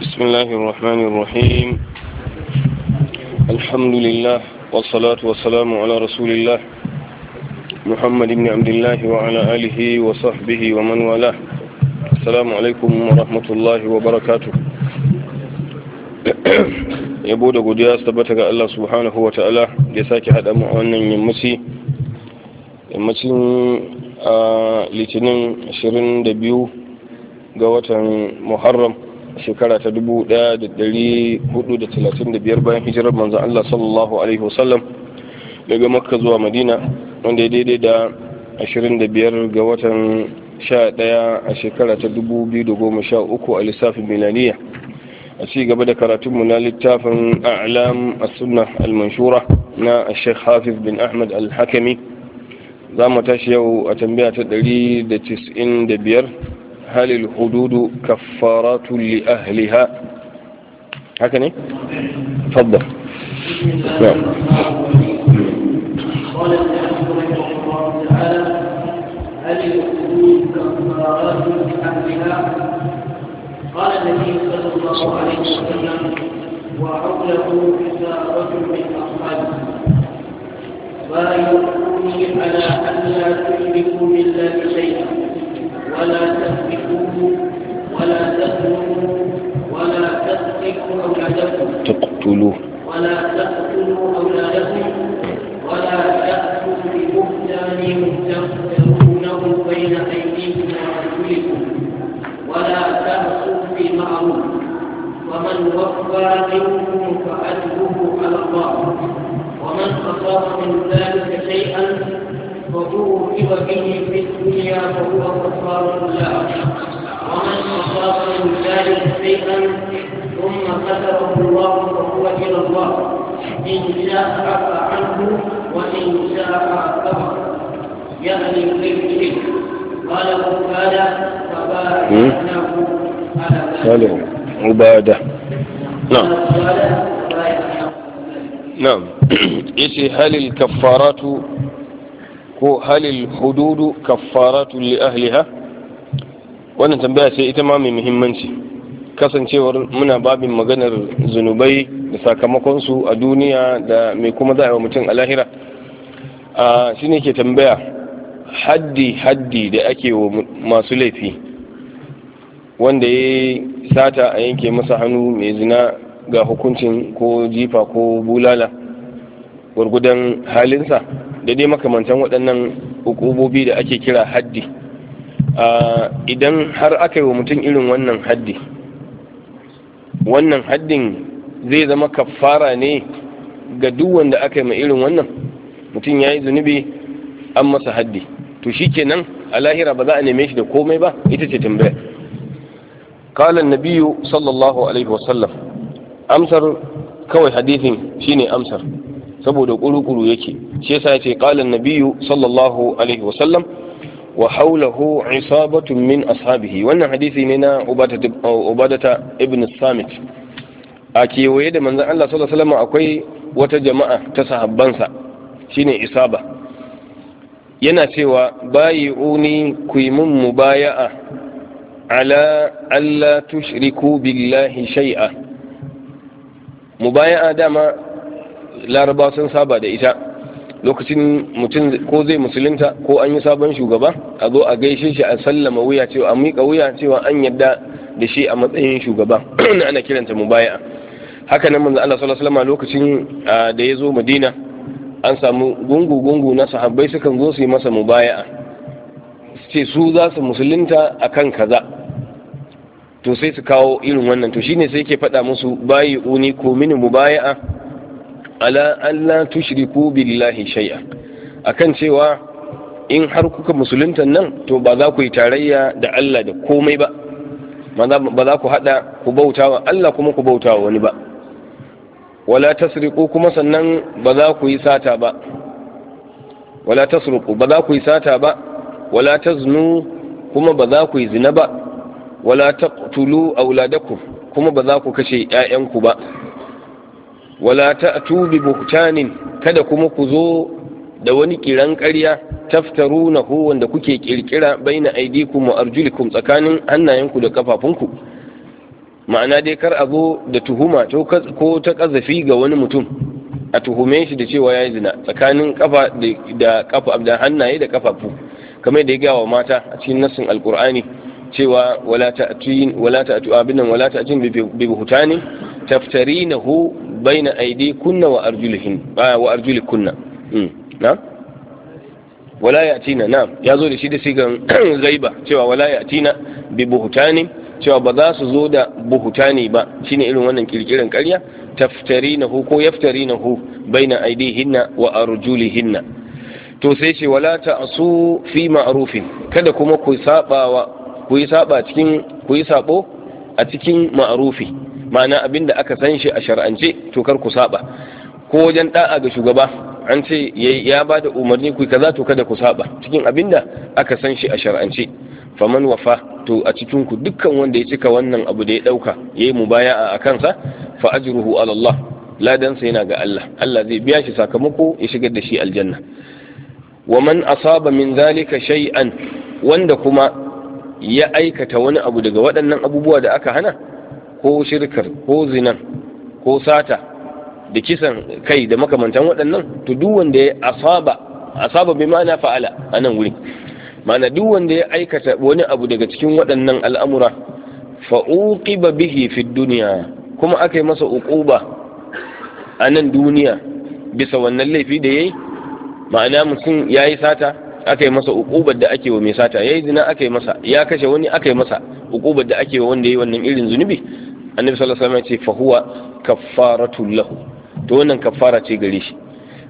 بسم الله الرحمن الرحيم الحمد لله والصلاة والسلام على رسول الله محمد بن عبد الله وعلى آله وصحبه ومن والاه السلام عليكم ورحمة الله وبركاته يبو دقو دياس تبتك الله سبحانه وتعالى subhanahu حد ta'ala da يمسي sake haɗa mu a wannan yammaci shekara ta 1435 bayan hijirar manzon Allah sallallahu alaihi wasallam daga makka zuwa madina wanda ya daidai da 25 ga watan 11 a shekara ta 2013 a lissafin milaniya a ci gaba da karatunmu na littafin a'lam a sunnah almanshura manshura na Sheikh Hafiz bin Ahmad al-Hakimi za mu tashi yau a tambaya ta 195 هل الحدود كفارات لأهلها هكذا تفضل نعم قال الله تعالى هل كفارات لأهلها قال النبي صلى الله عليه وسلم وعقله إذا رجل من أصحابه ولا يقولني على أن لا تشركوا بالله شيئا ولا تسلكوا ولا تسلكوا ولا تسلكوا أولادكم تقتلوا ولا تقتلوا أولادكم ولا تأتوا ببهتان تفترونه بين أيديكم وأرجلكم ولا تأتوا بالمعروف ومن وفى منكم فأجره على الله ومن أصاب من ذلك شيئا وهو به في الدنيا فهو كفار له ومن اصاب من ذلك شيئا ثم كتبه الله فهو إلى الله إن شاء عفى عنه وإن شاء كفر يعني غير شرك قاله تعالى فباركناه على ذلك عبادة نعم نعم إيش هل الكفارات ko halil hududu kaffaratu li ahliha wannan tambaya ce ita ma mai muhimmanci kasancewar muna babin maganar zunubai da sakamakonsu a duniya da mai kuma za a yi wa mutum a lahira a shi ne ke tambaya haddi haddi da ake wa masu laifi wanda ya sata a yanke masa hannu mai zina ga hukuncin ko jifa ko bulala gurgudan halinsa da dai makamantan waɗannan hukubobi da ake kira haddi idan har aka yi wa mutum irin wannan haddi wannan haddin zai zama kafara ne ga duk wanda aka yi irin wannan mutum ya yi zunubi an masa haddi to shi kenan a lahira ba za a neme shi da komai ba ita ce tambaya kalan nabiyu sallallahu alaihi wasallam amsar kawai hadithin shine amsar saboda kuru yake shi yasa yace ce nabiyyu sallallahu alaihi wasallam wa haulahu isabatu min ashabihi wannan hadisi ne na ubadata ibn samit a kewaye da manzon Allah sallallahu alaihi wasallam akwai wata jama'a ta sahabbansa shine isaba yana cewa bayi uni ku yi mun mubaya'a ala alla tushriku billahi shay'a mubaya'a dama laraba sun saba da ita lokacin mutum ko zai musulunta ko an yi sabon shugaba a zo a gaishe shi a sallama wuya cewa a miƙa wuya cewa an yadda da shi a matsayin shugaba ana kiranta mubaya haka nan manzo Allah sallallahu alaihi wasallam lokacin da ya zo Madina an samu gungu gungu na sahabbai sukan zo su yi masa mubaya'a ce su za su musulunta akan kaza to sai su kawo irin wannan to shine sai yake faɗa musu bayi uni ko mini mubaya'a ala la tushriku billahi shay'a akan cewa in har kuka musuluntan nan to ba za ku yi tarayya da Allah da komai ba ba za ku hada ku bauta wa Allah kuma ku bauta wa wani ba wala tasriku kuma sannan ba za ku yi sata ba wala tasriqu ba za ku yi sata ba wala taznu kuma ba za ku yi zina ba wala taqtulu auladakum kuma ba za ku kashe 'ya'yanku ba wala ta tubi buhtanin kada kuma ku zo da wani kiran ƙarya na wanda kuke kirkira baina aidikum wa arjulikum tsakanin hannayenku da kafafunku ma'ana dai kar a zo da tuhuma ko ta kazafi ga wani mutum a tuhume shi da cewa yayi zina tsakanin kafa da kafa da hannaye da kafafu kamar da ya gawa mata a cikin nassin alqur'ani cewa wala ta'tu wala ta'tu abinan wala ta'tin bi buhtanin arjulihin ah, wa arjuli kunna. Hmm. na wala yatina na yazo da shi da sigan zaiba cewa yatina bi buhutani cewa ba za su zo da buhutani ba shine irin wannan kirkirin ƙarya taftarinahu ko yaftarinahu baina aidihinna wa arjulihinna to sai ce wala ta'su fi ma'rufin kada kuma ku saba wa ku yi saba cikin ku yi sabo a cikin ma'rufi ma'ana abin da aka san shi a shar'ance to kar ku saba ko wajen da'a ga shugaba an ce ya ba da umarni ku kaza to kada ku saba cikin abin da aka san shi a shar'ance faman wafa to a cikin ku dukkan wanda ya cika wannan abu da ya dauka yayi mubaya'a a kansa fa ajruhu ala Allah ladansa yana ga Allah Allah zai biya shi sakamako ya shigar da shi aljanna wa man asaba min zalika shay'an wanda kuma ya aikata wani abu daga waɗannan abubuwa da aka hana ko shirkar ko zinan ko sata da kisan kai da makamantan waɗannan to duk wanda ya asaba asaba bi ma'ana fa'ala a nan wuri ma'ana duk wanda ya aikata wani abu daga cikin waɗannan al'amura fa uqiba bihi fi dunya kuma aka yi masa uquba a nan duniya bisa wannan laifi da yayi ma'ana mutum yayi sata aka yi masa uqubar da ake wa mai sata yayi zina aka yi masa ya kashe wani aka yi masa uqubar da ake wa wanda yayi wannan irin zunubi annabi sallallahu alaihi wasallam ya ce fahuwa kaffaratul lahu to wannan kaffara ce gare shi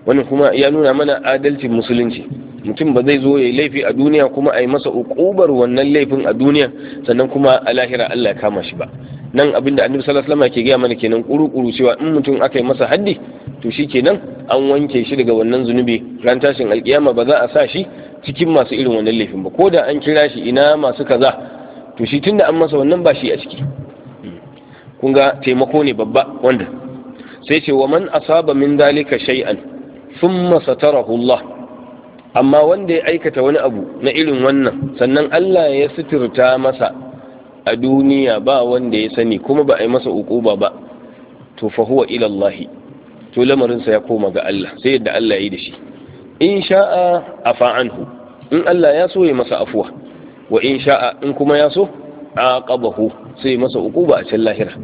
wannan kuma ya nuna mana adalcin musulunci mutum ba zai zo ya yi laifi a duniya kuma a yi masa ukubar wannan laifin a duniya sannan kuma a lahira Allah ya kama shi ba nan abinda annabi sallallahu alaihi wasallam ke gaya mana kenan kuru-kuru cewa in mutum aka yi masa haddi to shi kenan an wanke shi daga wannan zunubi ran tashin alkiyama ba za a sa shi cikin masu irin wannan laifin ba ko da an kira shi ina masu kaza to shi tunda an masa wannan ba shi a ciki kun ga taimako ne babba wanda sai ce wa man asaba min dalika shay'an thumma satarahu Allah amma wanda ya aikata wani abu na irin wannan sannan Allah ya suturta masa a duniya ba wanda ya sani kuma ba a yi masa ukuba ba to fa huwa ila Allah to lamarinsa ya koma ga Allah sai yadda Allah ya yi da shi in sha'a afa anhu in Allah ya so ya masa afuwa wa in sha'a in kuma ya so aqabahu sai masa ukuba a cikin lahira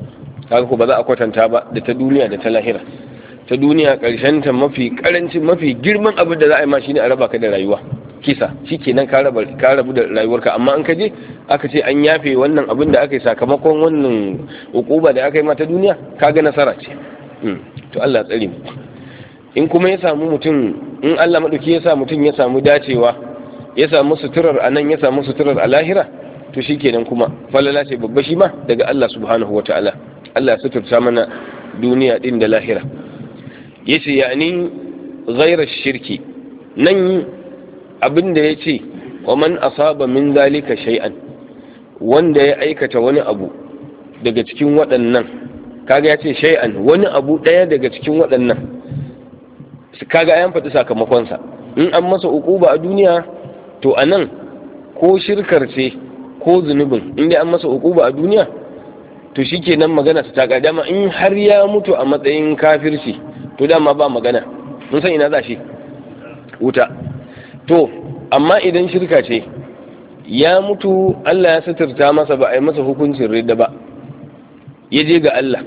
kaga ko ba za a kwatanta ba da ta duniya da ta lahira ta duniya karshen ta mafi karancin mafi girman abin da za a yi ma shine a raba ka da rayuwa kisa shikenan ka raba ka rabu da rayuwarka amma an kaje aka ce an yafe wannan abin da aka yi sakamakon wannan ukuba da aka yi ma ta duniya kaga nasara ce hmm, to Allah tsare mu in kuma ya samu mutum in Allah madauki ya sa mutum ya samu dacewa ya samu suturar anan ya samu suturar a lahira to shi kenan kuma falala ce babba shi ma daga Allah subhanahu wa ta'ala Allah ya suturta mana duniya din da lahira yace yani ghairar shirki nan abin da yace wa man asaba min zalika shay'an wanda ya aikata wani abu daga cikin waɗannan kaga ya ce shay'an wani abu ɗaya daga cikin waɗannan kaga ayan faɗi sakamakonsa in an masa uku ba a duniya to a nan ko shirkar ce ko zunubin inda an masa ukuba a duniya to nan magana su taka dama in har ya mutu a matsayin kafirci to dama ba magana mun san ina za shi wuta to amma idan shirka ce ya mutu Allah ya suturta masa ba a yi masa hukuncin ridda ba ya je ga Allah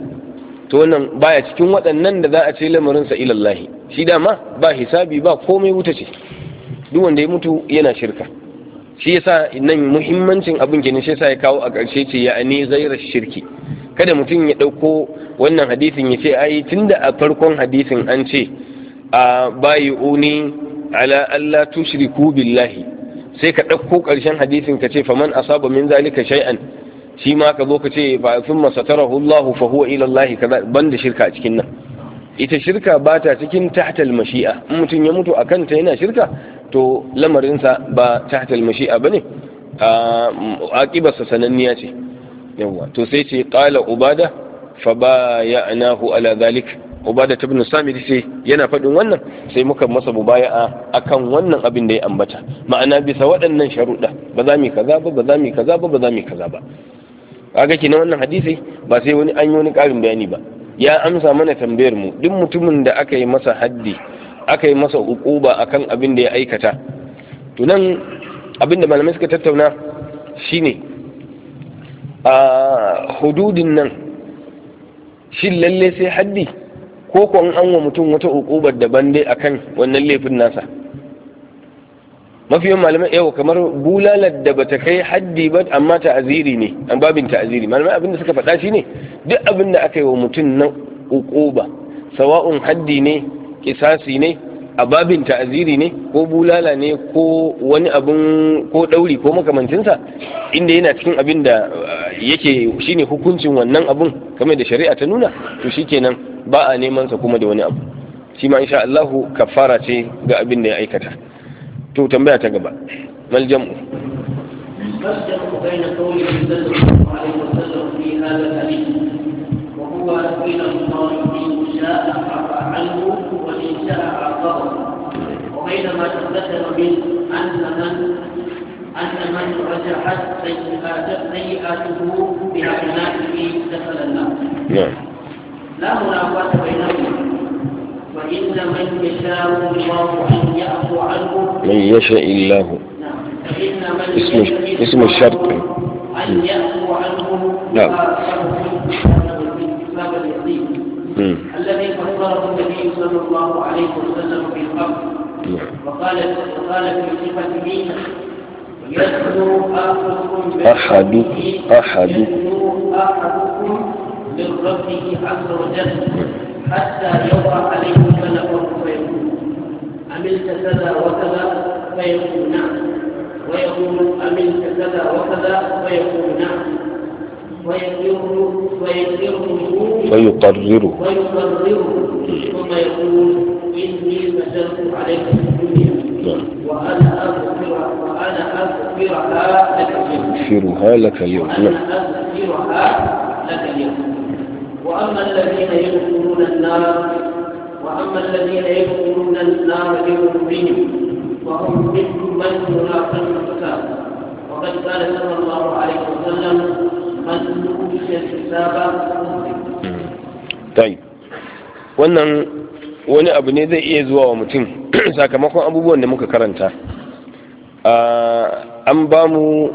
to wannan baya cikin waɗannan da za a ce lamarin sa ilallahi shi dama ba hisabi ba komai wuta ce duk wanda ya mutu yana shirka shi yasa nan muhimmancin abin gini shi yasa ya kawo a ƙarshe ce ya ani shirki kada mutum ya ɗauko wannan hadisin ya ce ai tunda a farkon hadisin an ce a bayi uni ala Allah tushriku billahi sai ka ɗauko ƙarshen hadisin ka ce faman asaba min zalika shay'an shi ma ka zo ka ce a thumma satarahu Allah fa huwa ila Allah kaza banda shirka a cikin nan ita shirka ba ta cikin tahtal mashi'a in mutum ya mutu a kanta yana shirka to lamarinsa ba tahtal mashi'a ba ne aƙibarsa sananniya ce yawwa to sai ce ƙala ubada fa ba ya anahu ala zalik ubada ta binu sami sai yana faɗin wannan sai muka masa a akan wannan abin da ya ambata ma'ana bisa waɗannan sharuɗa ba za mu kaza ba ba za mu kaza ba ba za mu kaza ba kaga kenan wannan hadisi ba sai wani an yi wani ƙarin bayani ba ya amsa mana tambayar mu duk mutumin da aka yi masa haddi aka yi masa hukuba akan abin da ya aikata to nan abin da malamai suka tattauna shine a hududin nan shin lalle sai haddi ko kuwa an wa mutum wata hukubar daban dai akan wannan laifin nasa mafiyan malamai yau kamar bulalar da bata kai haddi ba amma ta'aziri ne an babin ta'aziri malamai abinda suka faɗa shi ne duk abin da aka yi wa mutum na ba, sawa'un haddi ne kisasi ne a babin ta'aziri ne ko bulala ne ko wani abin ko ɗauri ko makamancinsa inda yana cikin abin da uh, yake shine hukuncin wannan abun kamar da shari'a ta nuna to shi shikenan ba a neman sa kuma da wani abu shi ma insha Allah kafara ce ga abin da ya aikata تو تنبيه تقبل ما الجمع وبينما بين قوله صلى الله عليه وسلم في هذا الحديث وهو شاء شاء وبين ما تقدم من ان من ان من رجحت سيئاته بحسناته دخل النار. نعم. لا منافاة بينهما وإن من يشاء الله أن يعفو عنه من يشاء الله نعم. فإن اسم اسم الشرط أن يعفو عنه نعم الذي فسره النبي صلى الله عليه وسلم في القبر نعم. وقال وقال في صفته يدعو أحدكم أحدكم أحدكم من عز وجل حتى يوضع عليه بلغه فيقول عملت كذا وكذا فيقول نعم ويقول عملت كذا وكذا فيقول نعم ويقرره ويقرره ثم يقول إني فجرت عليك في الدنيا نعم. وأنا أغفرها وأنا أغفرها لك اليوم أغفرها لك اليوم وأما الذين يدخلون النار وأما الذين يدخلون النار بقلوبهم وهم مثل من يلاقي الحساب وقد قال صلى الله عليه وسلم من أوتي الحساب طيب wannan wani abu ne zai iya zuwa wa mutum sakamakon abubuwan da muka karanta an ba mu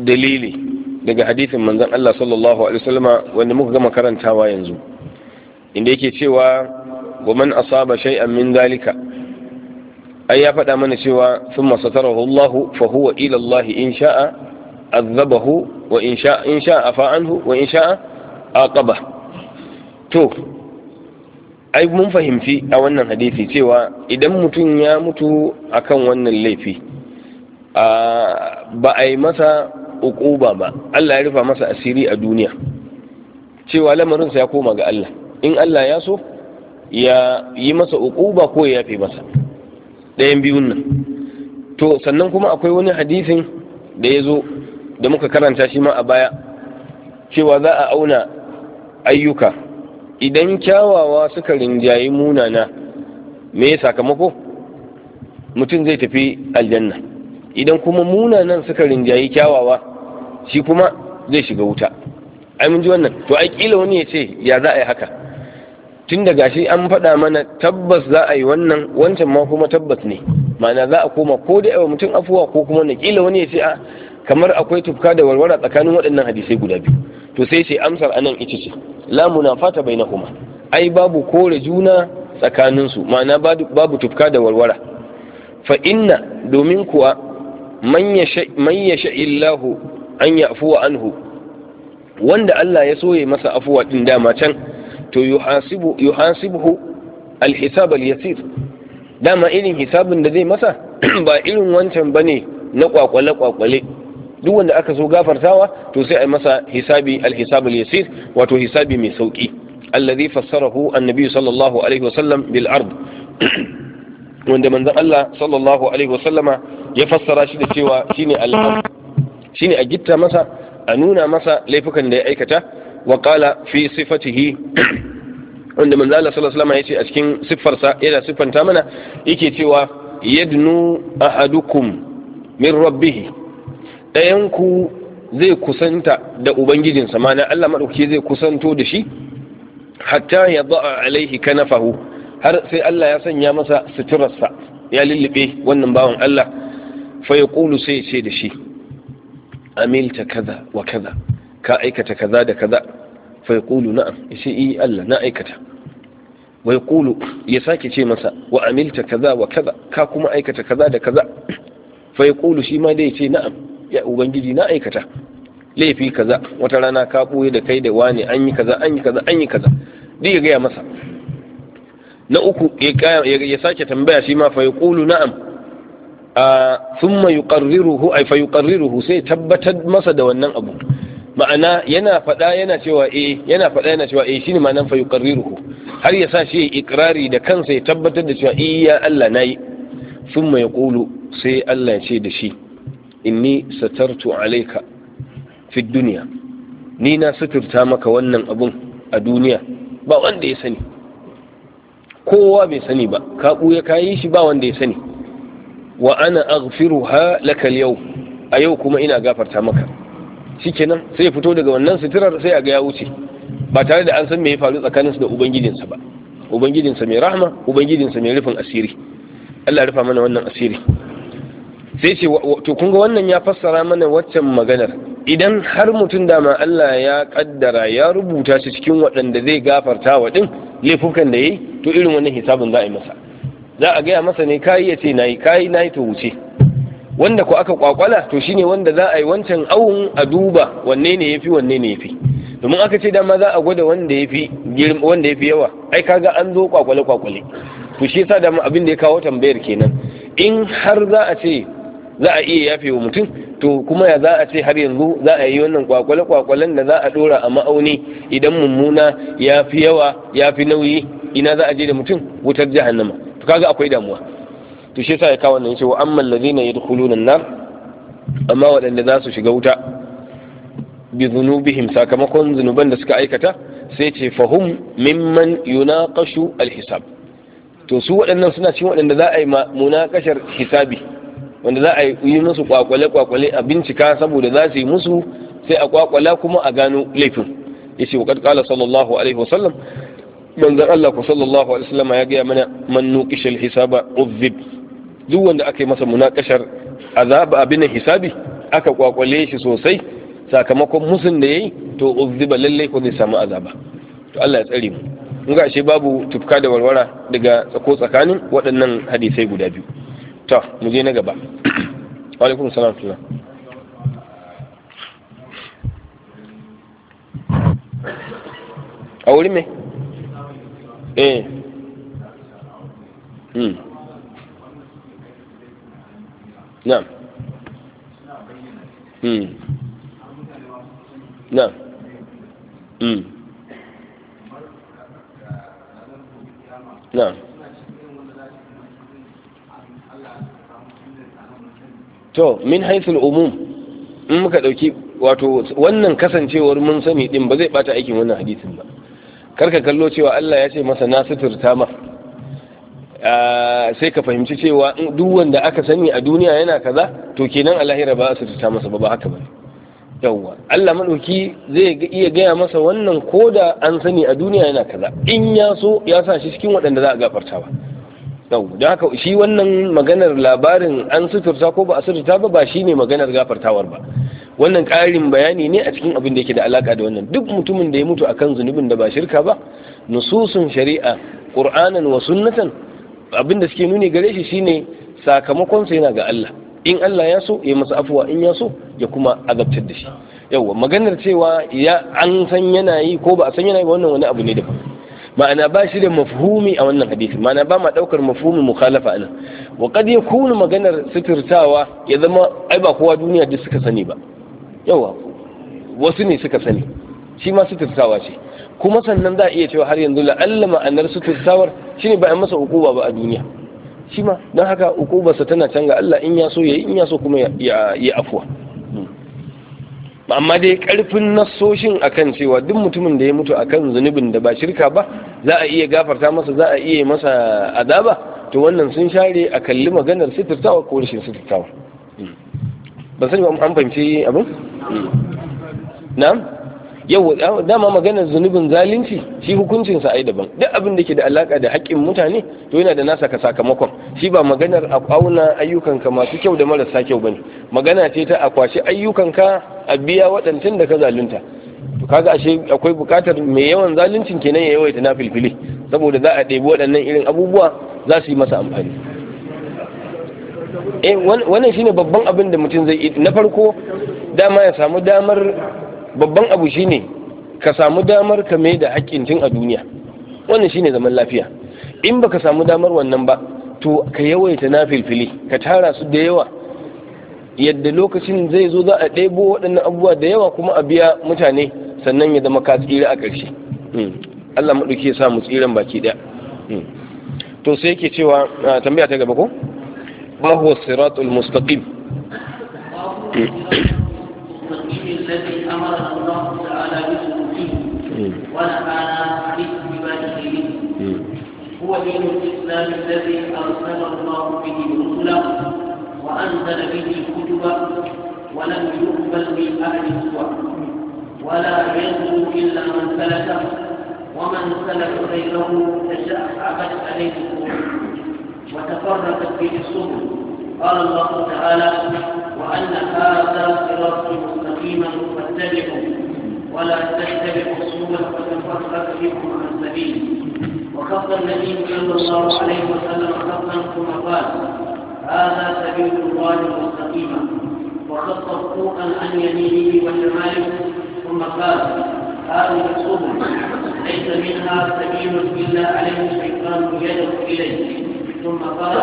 dalili daga hadithin manzan Allah sallallahu alaihi wasallama wanda muka gama karantawa yanzu inda yake cewa wa man asaba shay'an min zalika ai ya faɗa mana cewa thumma satarahu Allah fa huwa ila Allah in sha'a azabahu wa in sha'a in sha'a fa anhu wa in sha'a aqaba to ai mun fahimci a wannan hadisi cewa idan mutum ya mutu akan wannan laifi ba a yi masa uquba ba Allah ya rufa masa asiri a duniya cewa lamarin sa ya koma ga Allah in Allah ya so ya yi masa uquba ko ya yafe masa ɗayan biyun nan to sannan kuma akwai wani hadisin da ya zo da muka karanta shi ma a baya cewa za a auna ayyuka idan kyawawa suka rinjayi munana me sakamako mutum zai tafi aljanna idan kuma munanan suka rinjayi kyawawa shi kuma zai shiga wuta ai mun ji wannan to ai kila wani ya ce ya za a yi haka tun da gashi an faɗa mana tabbas za a yi wannan wancan ma kuma tabbas ne ma'ana za a koma ko da yawa mutum afuwa ko kuma na kila wani ya ce a kamar akwai tufka da warwara tsakanin waɗannan hadisai guda biyu to sai ce amsar anan ita ce la munafata kuma. ai babu kore juna tsakaninsu ma'ana babu tufka da warwara fa inna domin kuwa man yasha illahu an yafuwa anhu wanda Allah ya soye masa afuwa din dama can to yuhasibu yuhasibuhu alhisab alyasir dama irin hisabin da zai masa ba irin wancan bane na kwakwale kwakwale duk wanda aka so gafartawa to sai a masa hisabi alhisab alyasir wato hisabi mai sauki alladhi fassarahu annabi sallallahu alaihi wasallam bil ard wanda manzon Allah sallallahu alaihi wasallama ya fassara shi da cewa shine al shine a gitta masa a nuna masa laifukan da ya aikata wa qala fi sifatihi wanda manzo Allah sallallahu alaihi wasallam yace a cikin siffarsa yana siffanta mana yake cewa yadnu ahadukum min rabbih dayan zai kusanta da ubangijinsa mana Allah madauki zai kusanto da shi hatta ya ba'a alaihi kanafahu har sai Allah ya sanya masa suturarsa ya lullube wannan bawan Allah fa sai sai ce da shi amilta kaza wa kaza ka aikata kaza da kaza fa na'am ya ce, yi eh, Allah na aikata wa yaqulu ya sake ce masa wa amilta kaza wa kaza ka kuma aikata kaza da kaza fa shi ma dai ce na'am ya ubangiji na aikata laifi kaza wata rana ka ɓoye da kai da wane an yi kaza an yi kaza an yi kaza duk ya gaya masa na uku ya sake tambaya shi ma fa ya ƙulu na'am thumma yuqarriruhu ay fa ruhu sai tabbatar masa da wannan abu ma'ana yana faɗa yana cewa e yana faɗa yana cewa shi shine ma'anan fa ruhu. har ya sa shi ya ikirari da kansa ya tabbatar da cewa iya Allah nayi thumma ƙulu sai Allah ya ce da shi inni satartu alaika fi duniya. ni na suturta maka wannan abun a duniya ba wanda ya sani kowa bai sani ba ka buya kayi shi ba wanda ya sani wa ana ha laka yau a yau kuma ina gafarta maka shikenan sai ya fito daga wannan sitirar sai a ga ya wuce ba tare da an san me ya faru tsakanin tsakaninsu da ubangijinsa ba ubangijinsa mai rahama ubangijinsa mai rufin asiri Allah rufa mana wannan asiri sai ce to kun ga wannan ya fassara mana waccan maganar idan har mutum ma Allah ya kaddara ya rubuta shi cikin waɗanda zai gafarta wa din laifukan da yayi to irin wannan hisabin za a yi masa za a gaya masa ne kayi ya ce nayi kayi nayi to wuce wanda ko aka kwakwala to shine wanda za a yi wancan awun a duba wanne ne yafi wanne ne yafi domin aka ce dama za a gwada wanda yafi wanda yafi yawa ai kaga an zo kwakwale kwakwale to shi yasa dama abin da ya kawo tambayar kenan in har za a ce za a iya yafe wa mutum to kuma ya za a ce har yanzu za a yi wannan kwakwale kwakwalen da za a dora a ma'auni idan mummuna ya yawa yafi nauyi ina za a je da mutum wutar jahannama kaga akwai damuwa to shi yasa ya kawo wannan yace wa ammal ladina yadkhuluna an-nar amma waɗanda za su shiga wuta bi dhunubihim sakamakon zunuban da suka aikata sai ce fahum mimman yunaqashu al-hisab to su waɗannan suna cikin waɗanda za a yi munakashar hisabi wanda za a yi musu kwakwale-kwakwale a bincika saboda za su yi musu sai a kwakwala kuma a gano laifin yace wa qad qala sallallahu alaihi wasallam manzan Allah ku sallallahu alaihi wasallam ya gaya mana man nuqishal hisaba uzib duk wanda aka yi masa munakashar azaba abin hisabi aka kwakwale shi sosai sakamakon musun da yayi to uziba lalle ko zai samu azaba to Allah ya tsare mu mun ga ashe babu tufka da warwara daga tsako tsakanin waɗannan hadisai guda biyu to mu je na gaba wa alaikum salam a wuri mai eh hmm na'am hmm, hmm. to min haithul umum in muka dauki wato wannan kasancewar mun sani din ba zai bata aikin wannan hadisin ba karka kallo cewa Allah ya ce masa na suturta ma ah, sai ka fahimci cewa duk wanda aka sani a duniya yana kaza to kenan a lahira ba a suturta masa ba ba haka bane yawwa Allah madauki zai iya gaya masa wannan koda an sani a duniya yana kaza in ya so ya sa shi cikin waɗanda za a gafarta ba yau don haka shi wannan maganar labarin an suturta ko ba a suturta ba ba shine maganar gafartawar ba wannan ƙarin bayani ne a cikin abin da yake da alaka da wannan duk mutumin da ya mutu akan zunubin da ba shirka ba nususun shari'a qur'anan wa sunnatan abin da suke nuni gare shi shine sakamakon sa yana ga Allah in Allah ya so ya masa afuwa in ya so ya kuma azabtar da shi yawa maganar cewa ya an san yana yi ko ba a san yana yi wannan wani abu ne da ma'ana ba shi da mafhumi a wannan hadisi ma'ana ba ma daukar mafhumin mukhalafa anan wa qad yakunu maganar sitirtawa ya zama ai ba kowa duniya duk suka sani ba yawa wasu ne suka sani shi ma suturtawa ce kuma sannan za a iya cewa har yanzu la'alla ma'anar suturtawar shine ne a masa ukuba ba a duniya shi ma don haka ukubarsa tana canza, Allah in ya so yi in ya so kuma ya afuwa amma dai karfin nassoshin akan cewa duk mutumin da ya mutu akan zunubin da ba shirka ba za a iya gafarta masa za a iya masa adaba, to wannan sun share a kalli maganar suturtawa ko rashin suturtawa hmm. ban sani ba an fahimci abin Na. yau dama maganar zunubin zalunci shi hukuncin sa ai daban duk abin da ke da alaka da haƙƙin mutane to yana da nasa ka sakamakon shi ba maganar a ayyukan ayyukanka masu kyau da marasa kyau bane magana ce ta akwashi ayyukan ayyukanka a biya waɗancan da ka zalunta to kaga ashe akwai buƙatar mai yawan zaluncin kenan ya yawaita na filfili saboda za a ɗebi waɗannan irin abubuwa za su yi masa amfani eh wannan shine babban abin da mutum zai yi na farko dama ya samu damar babban abu shine ka samu damar ka mai da haƙƙin tun a duniya wannan shine zaman lafiya in baka samu damar wannan ba to ka yawaita na filfili ka tara su da yawa yadda lokacin zai zo za a ɗebo waɗannan abubuwa da yawa kuma a biya mutane sannan ya zama ka tsira a ƙarshe hmm. Allah maɗauki ya samu mu tsiran baki ɗaya hmm. to sai yake cewa tambaya ta gaba ko ما هو الصراط المستقيم الذي الله تعالى هو دين الإسلام الذي أرسل الله به رسله وأنزل به الكتب ولم يقبل من أهل السوء ولا ينظر إلا من سلكه ومن سلك غيره تشعبت عليه الأمور وتفرقت به السبل قال الله تعالى وأن هذا صراط مستقيما فاتبعوا ولا تتبعوا السبل فتفرق بكم عن السبيل وخط النبي صلى الله عليه وسلم خطا ثم قال هذا سبيل الله مستقيما وخط خطوطا عن يمينه وشماله ثم قال هذه السبل ليس منها سبيل الا عليه الشيطان يدعو اليه ثم قال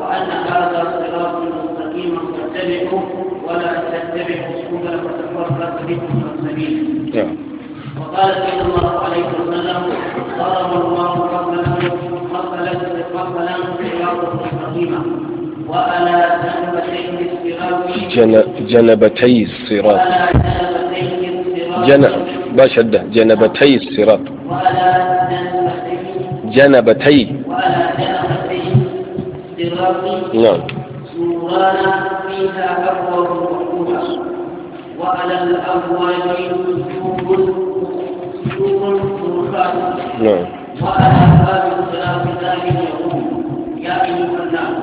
وأن هذا صراط مستقيما فاتبعوا ولا تتبعوا السبل فتفرق بكم عن سبيله. نعم. وقال صلى الله عليه وسلم ضرب الله مثلا مثلا مثلا صراط مستقيما وألا جنبتي الصراط جنب باشدة جنبتي الصراط جنبتي نعم سوران فيها أكبر الحكومة وعلى الأبواب سور سور فرقان نعم وعلى باب الصراط الله يقول يا أيها الناس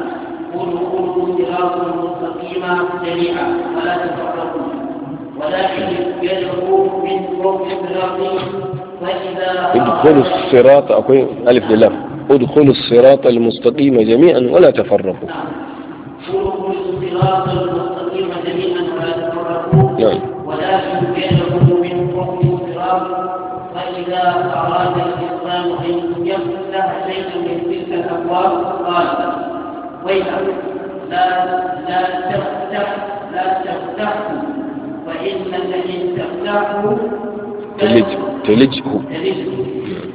ادخلوا صراطا مستقيما جميعا ولا تفرقوا ولكن يدعو من فوق الصراط فإذا ادخلوا الصراط أقول ألف لله ادخلوا الصراط المستقيم جميعا ولا تفرقوا ادخلوا الصراط المستقيم جميعا ولا تفرقوا نعم ولكن من فإذا أراد أن يفتح من تلك الأبواب قال لا لا لا تفتحه فإنك إن تفتحه تلجه تلجه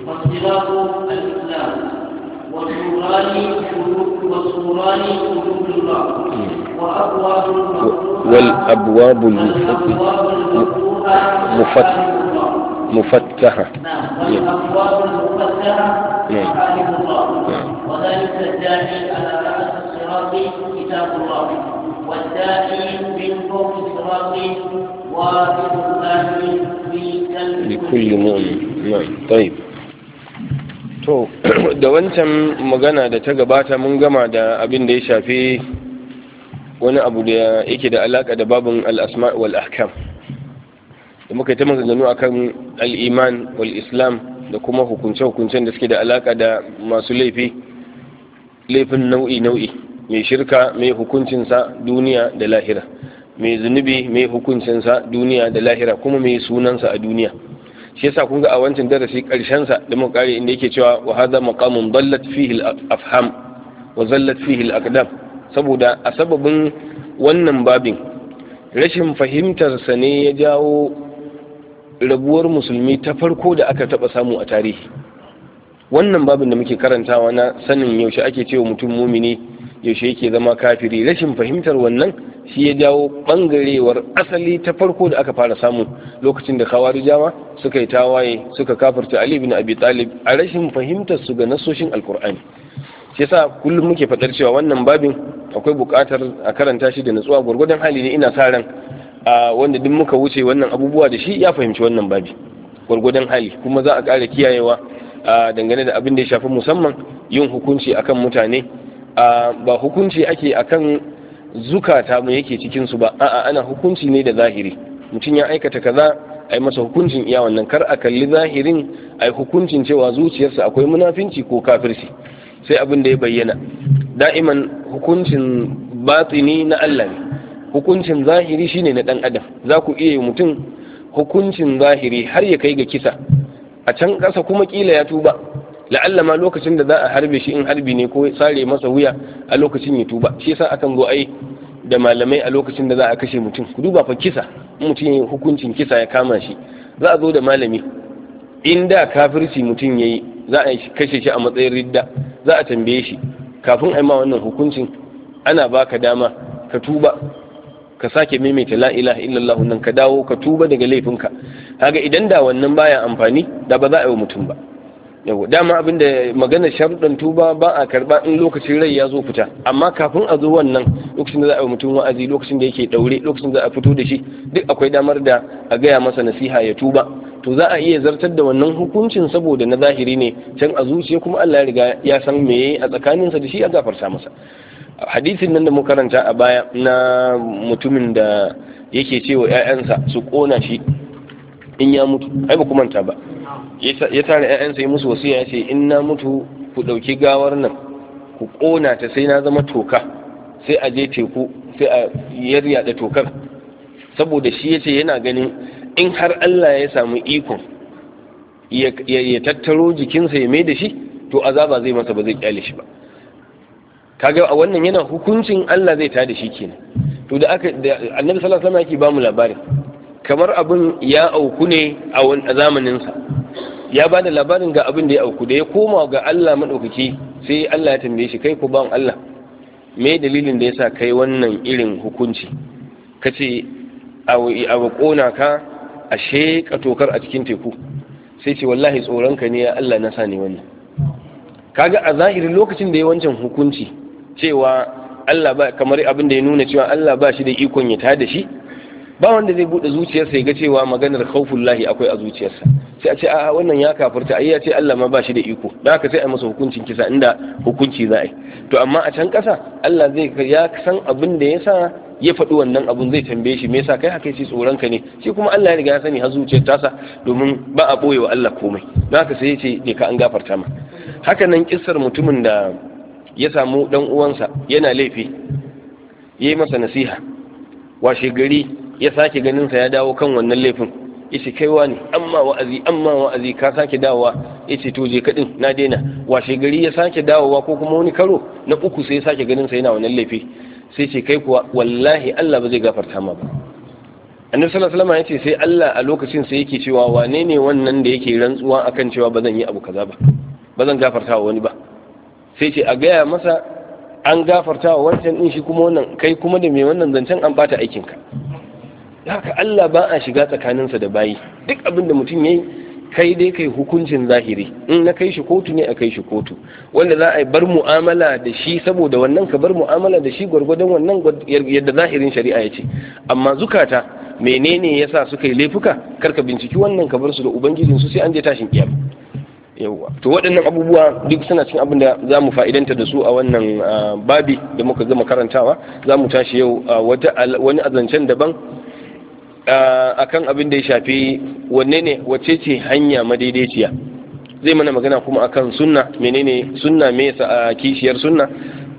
والصراط نعم. الله وأبواب والأبواب المفتحة مفتحة نعم والأبواب عالم نعم. الله نعم. وذلك الداعي على رأس الصراط كتاب الله والداعي من فوق الصراط وفي الله في كل مؤمن نعم طيب to da wancan magana da ta gabata mun gama da abin da ya shafi wani abu da yake da alaka da babin al'asma wal'akam da muka yi ta maganganu akan al'iman wal islam da kuma hukunce-hukuncen da suke da alaka da masu laifi laifin nau'i-nau'i mai shirka mai hukuncinsa duniya da lahira mai zunubi mai hukuncinsa duniya da lahira kuma mai sunansa a duniya shi yasa kun ga a wancan darasi karshen sa da mun kare inda yake cewa wa hadha maqamun dallat fihi al afham wa zallat fihi al aqdam saboda a sababin wannan babin rashin fahimtar sa ne ya jawo rabuwar musulmi ta farko da aka taba samu a tarihi wannan babin da muke karantawa na sanin yaushe ake cewa mutum mumini yaushe yake zama kafiri rashin fahimtar wannan shi ya jawo bangarewar asali ta farko da aka fara samu lokacin da jama suka yi tawaye suka kafarta ali bin abi talib a rashin fahimtar su ga nasoshin alkur'ani shi yasa kullum muke fadar cewa wannan babin akwai buƙatar a karanta shi da natsuwa gwargwadon hali ne ina sa ran a wanda duk muka wuce wannan abubuwa da shi ya fahimci wannan babi gwargwadon hali kuma za a ƙara kiyayewa dangane da abin da ya shafi musamman yin hukunci akan mutane ba hukunci ake kan zukata mu yake cikin su ba a'a ana hukunci ne da zahiri mutum ya aikata kaza ai masa hukuncin iya wannan kar a kalli zahirin ai hukuncin cewa zuciyarsa akwai munafinci ko kafirci sai abin da ya bayyana da'iman hukuncin batsini na Allah ne hukuncin zahiri shine na ɗan adam za ku iya yi mutum hukuncin zahiri har ya kai ga kisa a can ƙasa kuma ƙila ya tuba la'alla ma lokacin da za a harbe shi in harbi ne ko sare masa wuya a lokacin ya tuba shi yasa akan zo ai da malamai a lokacin da za a kashe mutum ku duba fa kisa mutum ya hukuncin kisa ya kama shi za a zo da malami in da kafirci mutum yayi za a kashe shi a matsayin ridda za a tambaye shi kafin ai ma wannan hukuncin ana baka dama ka tuba ka sake maimaita la ilaha illallah nan ka dawo ka tuba daga laifinka kaga idan da wannan baya amfani da ba za a yi wa mutum ba yau dama abinda magana sharuɗan tuba ba a karba in lokacin rai ya zo fita amma kafin a zo wannan lokacin da za a yi mutum wa'azi lokacin da yake daure, lokacin da za a fito da shi duk akwai damar da a gaya masa nasiha ya tuba to za a iya zartar da wannan hukuncin saboda na zahiri ne can a zuciya kuma Allah ya riga ya san me a tsakaninsa da shi a gafarta masa hadisin nan da muka karanta a baya na mutumin da yake cewa 'ya'yansa su kona shi in ya mutu ai ba ku manta ba ya tare 'ya'yansa yi musu wasiya ya ce in na mutu ku ɗauki gawar nan ku ƙona ta sai na zama toka sai a je teku sai a yarya da tokar saboda shi ya ce yana ganin in har Allah ya samu ikon ya tattaro jikinsa ya mai da shi to azaba zai masa ba zai kyale shi ba kaga a wannan yana hukuncin Allah zai ta da shi kenan to da aka annabi sallallahu alaihi wasallam yake ba mu labarin kamar abin ya auku ne a zamanin sa ya ba da labarin ga abin da ya auku da ya koma ga Allah maɗaukaki sai Allah ya tambaye shi kai ku ban Allah me dalilin da ya sa kai wannan irin hukunci ka ce a ƙona ka a sheƙa tokar a cikin teku sai ce wallahi tsoronka ne ya Allah na sa ne wannan kaga a zahirin lokacin da ya wancan hukunci cewa Allah ba kamar abin da ya nuna cewa Allah ba shi da ikon ya tada shi ba wanda zai buɗe zuciyarsa ya ga cewa maganar khawfullahi akwai a zuciyarsa sai a ce a wannan ya kafirta ai ya ce Allah ma ba shi da iko da haka sai a masa hukuncin kisa inda hukunci za yi to amma a can kasa Allah zai ya san abin da ya sa ya faɗi wannan abun zai tambaye shi me yasa kai haka yace tsoron ka ne shi kuma Allah ya riga ya sani har zuciyar tasa domin ba a boye wa Allah komai don haka sai yace ne ka an gafarta ma haka nan kissar mutumin da ya samu dan uwansa yana laifi yayi masa nasiha washe gari ya sake ganin sa ya dawo kan wannan laifin yace kaiwa ne amma wa'azi amma wa'azi ka sake dawowa yace to je kadin na daina washe gari ya sake dawowa ko kuma wani karo na uku sai ya sake ganin sa yana wannan laifi sai ce kai kuwa wallahi Allah ba zai gafarta ma ba annabi sallallahu alaihi wasallam sai Allah a lokacin sai yake cewa wane ne wannan da yake rantsuwa akan cewa ba zan yi abu kaza ba ba zan gafarta wa wani ba sai ce a gaya masa an gafarta wa wancan din shi kuma wannan kai kuma da me wannan zancen an bata aikinka haka Allah ba a shiga tsakaninsa da bayi duk abin da mutum yi kai dai kai hukuncin zahiri in na kai shi kotu ne a kai shi kotu wanda za a bar mu'amala da shi saboda wannan ka bar mu'amala da shi gwargwadon wannan yadda zahirin shari'a ya ce amma zukata menene yasa suka yi laifuka kar ka binciki wannan ka bar su da ubangijin su sai an je tashin kiyama yawwa to waɗannan abubuwa duk suna cikin abin da za mu fa'idanta da su a wannan ah, babi da muka gama karantawa za mu tashi yau ah, wani azancen daban akan abin da ya shafi wanne ne wace ce hanya madaidaiciya zai mana magana kuma akan sunna menene sunna me yasa kishiyar sunna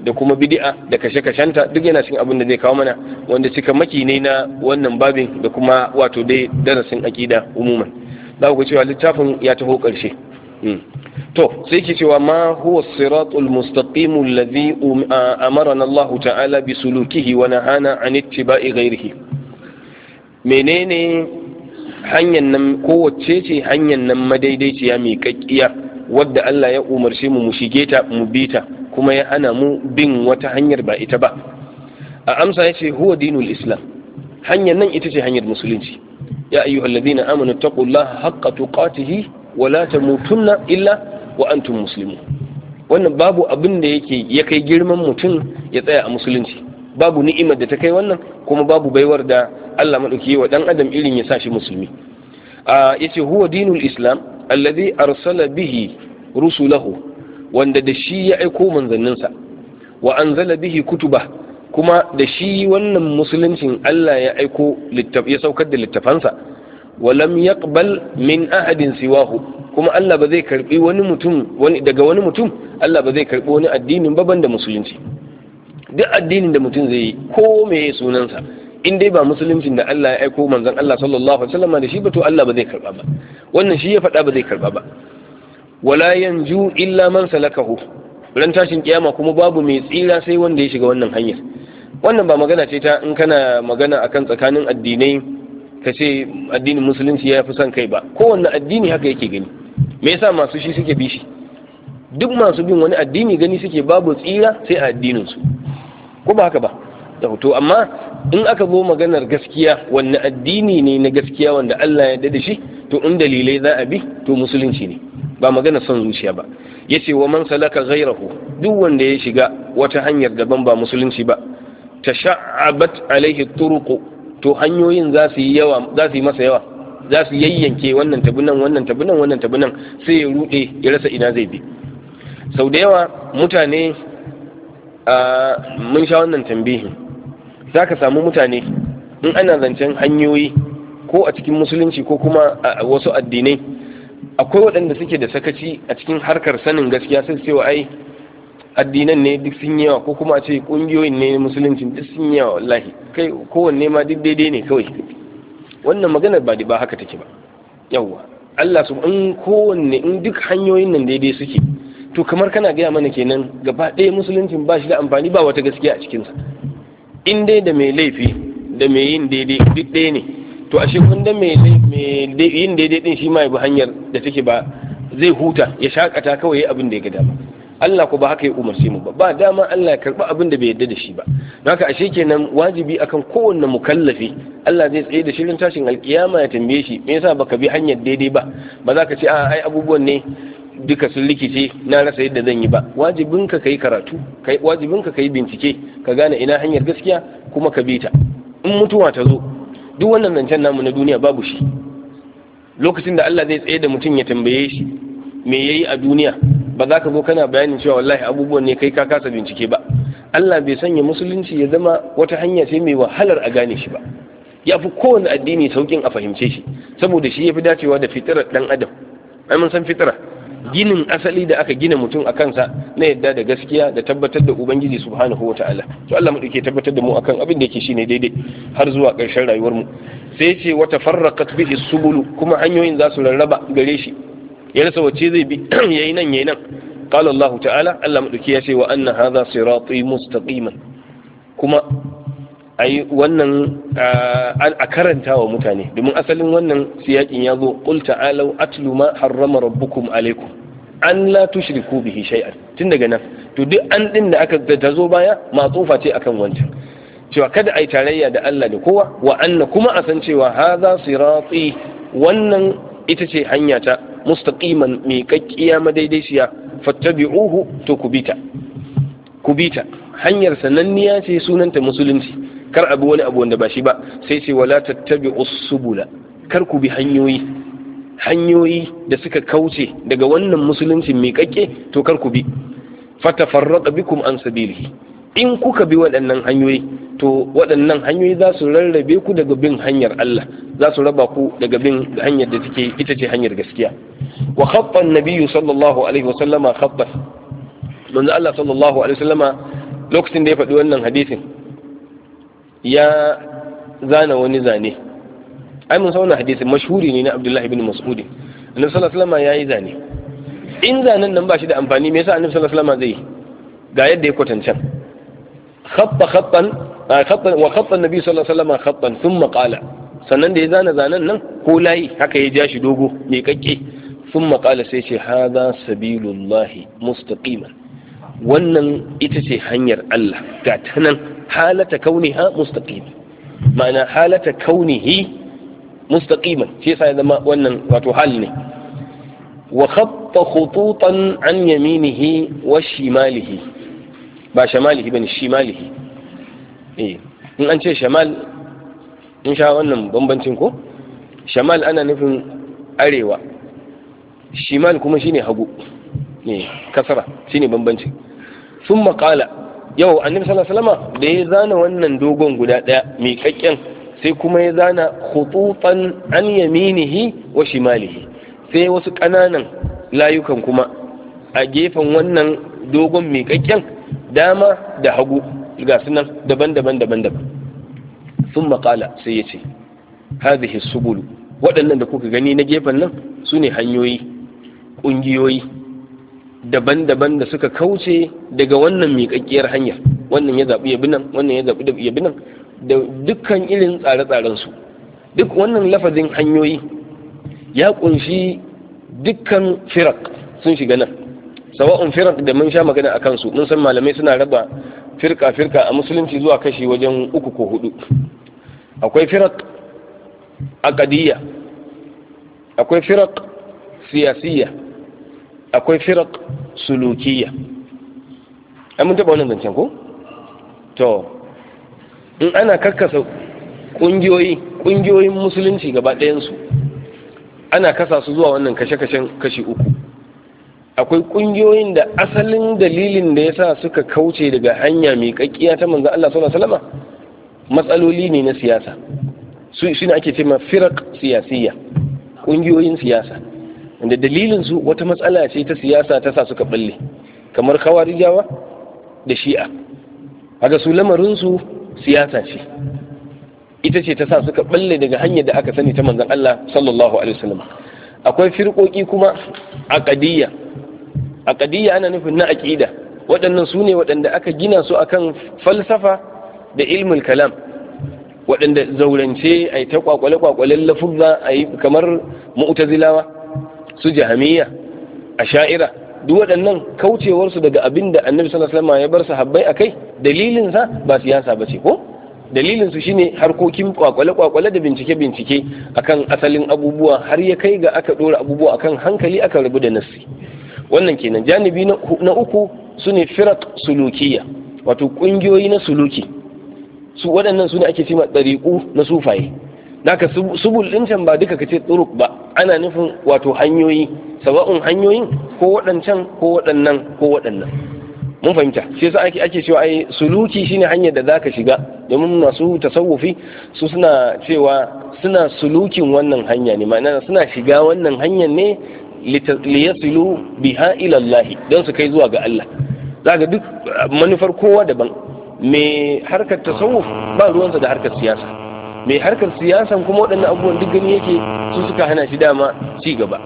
da kuma bid'a da kashe-kashenta duk yana cikin abin da zai kawo mana wanda cika maki ne na wannan babin da kuma wato dai darasin akida umuman da ku cewa littafin ya taho karshe hmm. to sai ke cewa ma huwa siratul mustaqim alladhi um, amarana Allah ta'ala bi sulukihi wa nahana an ittiba'i ghairihi menene hanyar nan kowace ce hanyar nan madaidaiciya mai kakkiya wadda Allah ya umarce mu mu shige ta mu bi ta kuma ya hana mu bin wata hanyar ba ita ba a amsa ya ce huwa dinul islam hanyar nan ita ce hanyar musulunci ya ayyuhalladhina amanu taqullaha haqqa tuqatihi wa la tamutunna illa wa antum muslimun wannan babu abin da yake ya kai girman mutum ya tsaya a musulunci babu ni'imar da ta kai wannan kuma babu baiwar da Allah maɗauki wa ɗan adam irin ya sa shi musulmi A yace huwa dinul islam alladhi arsala bihi rusulahu wanda da shi ya aiko manzanninsa wa anzala bihi kutuba kuma da shi wannan musuluncin Allah ya aiko ya saukar da littafansa wa lam yaqbal min ahadin siwahu kuma Allah ba zai karbi wani mutum wani daga wani mutum Allah ba zai karbi wani addinin ba banda musulunci duk addinin da mutum zai yi ko me sunansa in dai ba musuluncin da Allah ya aiko manzon Allah sallallahu alaihi wasallam da shi ba to Allah ba zai karba ba wannan shi ya faɗa ba zai karba ba wala yanju illa man salakahu ran tashin kiyama kuma babu mai tsira sai wanda ya shiga wannan hanyar wannan ba magana ce ta in kana magana akan tsakanin addinai ka ce addinin musulunci ya fi son kai ba kowanne addini haka yake gani me yasa masu shi suke bishi? duk masu bin wani addini gani suke babu tsira sai a su ko ba haka ba to amma in aka zo maganar gaskiya wanne addini ne na gaskiya wanda Allah ya da shi to in dalilai za a bi to musulunci ne ba magana son zuciya ba yace wa man salaka ghayrahu duk wanda ya shiga wata hanyar daban ba musulunci ba tasha'abat alaihi turuq to hanyoyin za su yi yawa za su yi masa yawa za su yayyanke wannan tabunan wannan tabunan wannan tabunan sai ya rude ya rasa ina zai bi sau da yawa mutane mun sha wannan tambihin za ka samu mutane in ana zancen hanyoyi ko a cikin musulunci ko kuma a wasu addinai akwai waɗanda suke da sakaci a cikin harkar sanin gaskiya sai cewa ai addinan ne duk sun yawa ko kuma a ce ƙungiyoyin ne musulunci duk sun yawa wallahi kai kowanne ma duk daidai ne kawai wannan maganar ba ba haka take ba yawwa Allah su in kowanne in duk hanyoyin nan daidai suke to kamar kana gaya mana kenan gaba ɗaya musuluncin ba shi da amfani ba wata gaskiya a cikinsa in dai da mai laifi da mai yin daidai duk ɗaya ne to ashe da mai yin daidai din shi ma ya bi hanyar da take ba zai huta ya shakata kawai ya abin da ya ga dama Allah ko ba haka ya umarce mu ba ba dama Allah ya karba abin da bai yarda da shi ba haka ashe kenan wajibi akan kowanne mukallafi Allah zai tsaye da shirin tashin alkiyama ya tambaye shi me yasa baka bi hanyar daidai ba ba za ka ce a ai abubuwan ne duka sun rikice na rasa yadda zan yi ba wajibin ka yi karatu wajibin ka kai bincike ka gane ina hanyar gaskiya kuma ka bi ta in mutuwa ta zo duk wannan zancen namu na duniya babu shi lokacin da Allah zai tsaye da mutum ya tambaye shi me yayi a duniya ba za ka zo kana bayanin cewa wallahi abubuwan ne kai ka kasa bincike ba Allah bai sanya musulunci ya zama wata hanya sai mai wahalar a gane shi ba ya fi kowane addini saukin a fahimce shi saboda shi ya fi dacewa da fitirar dan adam ai mun san fitira ginin asali da aka gina mutum a kansa na yadda da gaskiya da tabbatar da ubangiji subhanahu wa ta'ala to Allah madauke tabbatar da mu akan abin da yake shine daidai har zuwa ƙarshen rayuwar mu sai ce wata tafarraqat bihi subulu kuma hanyoyin za su rarraba gare shi ya rasa wace zai bi yayin nan yayin nan qala Allah ta'ala Allah madauke ya ce wa anna hadha sirati mustaqiman kuma ai wannan a karanta wa mutane domin asalin wannan siyakin ya zo qul ta'alu atlu ma harrama rabbukum alaikum an la tushriku bihi shay'an tun daga nan to duk an din da aka ta zo baya tsufa ce akan wancan cewa kada ai tarayya da Allah da kowa wa anna kuma a san cewa hadha sirati wannan ita ce hanya ta mustaqiman mai kakkiya madaidaiciya fattabi'uhu to kubita kubita hanyar sananniya ce sunanta musulunci kar abu wani abu wanda ba shi ba sai ce wala tattabi'us subula kar ku bi hanyoyi hanyoyi da suka kauce daga wannan musulunci miƙaƙƙe to kar ku bi fatafarraqa bikum an sabilihi in kuka bi waɗannan hanyoyi to waɗannan hanyoyi za su rarrabe ku daga bin hanyar Allah za su raba ku daga bin hanyar da take ita ce hanyar gaskiya wa khaffa annabiyyu sallallahu alaihi wa sallama khaffa manzo Allah sallallahu alaihi wa sallama lokacin da ya faɗi wannan hadisin ya zana wani zane ai mun sauna hadisi mashhuri ne na Abdullahi bin Mas'ud annabi sallallahu alaihi wasallam yayi zane in zanen nan ba shi da amfani me yasa annabi sallallahu alaihi wasallam zai ga yadda ya kwatancan khatta khattan khattan wa khatta annabi sallallahu alaihi wasallam khattan thumma qala sannan da ya zana zanen nan ko layi haka ya ja shi dogo me kakke thumma qala sai ce hadha sabilullahi mustaqiman wannan ita ce hanyar Allah ga ta nan halata kauniha mustaqim ma'ana halata kaunihi mustaqiman shi yasa ya zama wannan wato hal ne wa khatta khututan an yaminihi wa shimalihi ba shimalihi bane shimalihi eh in an ce shamal in sha wannan bambancin ko shamal ana nufin arewa shimal kuma shine hagu ne eh, kasara shine bambanci sun makala yau annabi sallallahu alaihi wasallama da ya zana wannan dogon guda daya miƙaƙƙen sai kuma ya zana khutufan an yaminihi wa shimalihi sai wasu ƙananan layukan kuma a gefen wannan dogon miƙaƙƙen dama da hagu ga sunan daban-daban daban-daban sun maƙala sai ya ce hazihi subulu waɗannan da kuka gani na gefen nan su ne hanyoyi ƙungiyoyi daban-daban da suka kauce daga wannan miƙaƙƙiyar hanyar wannan ya zaɓi ya bi nan wannan ya zaɓi ya bi nan da dukkan irin tsare-tsaren su duk wannan lafazin hanyoyi ya ƙunshi dukkan firak sun shiga nan sawa'un firak da mun sha magana a kansu mun san malamai suna raba firka-firka a musulunci zuwa kashi wajen uku ko hudu akwai firak akadiyya akwai firak siyasiyya akwai firak sulukiyya an mun taɓa wannan zancen ko to in ana karkasa kungiyoyi kungiyoyin musulunci gaba ɗayansu ana kasa su zuwa wannan kashe-kashen kashi uku akwai kungiyoyin da asalin dalilin da ya sa suka kauce daga hanya mai kakkiya ta manzan Allah sallallahu alaihi wasallam matsaloli ne na siyasa su shine ake cewa firaq siyasiyya kungiyoyin siyasa wanda dalilin su wata matsala ce ta siyasa ta sa suka balle kamar khawarijawa da shi'a kaga su lamarinsu siyasa ce ita ce ta sa suka balle daga hanyar da aka sani ta Manzan Allah sallallahu alaihi wasallam akwai firkoki kuma A aqdiyya ana nufin na aƙida. waɗannan su ne waɗanda aka gina su akan falsafa da ilmul kalam waɗanda zaurance a yi ta kwakwale ƙwaƙwalen lafuzza a yi kamar mu'tazilawa su jahamiya a sha'ira duk waɗannan kaucewarsu daga abin da annabi sallallahu alaihi wasallam ya bar sahabbai akai dalilin sa ba siyasa ba ce. ko dalilin su shine harkokin kwakwale kwakwale da bincike bincike akan asalin abubuwa har ya kai ga aka dora abubuwa akan hankali aka rabu da nassi wannan kenan janibi na uku sune firat sulukiya wato kungiyoyi na suluki su waɗannan su ne ake cima ɗariƙu na sufaye naka subul ɗin can ba duka kace turuk ba ana nufin wato hanyoyi sawa'un hanyoyin ko waɗancan ko waɗannan ko waɗannan mun fahimta shi yasa ake ake cewa ai suluki shine hanyar da zaka shiga domin masu tasawufi su suna cewa suna sulukin wannan hanya ne ma'ana suna shiga wannan hanyar ne liyasilu biha ila Allah don su kai zuwa ga Allah zaka duk manufar kowa daban me harkar tasawuf ba ruwansa da harkar siyasa mai harkar siyasan kuma waɗannan abubuwan duk gani yake su suka hana shi dama ci gaba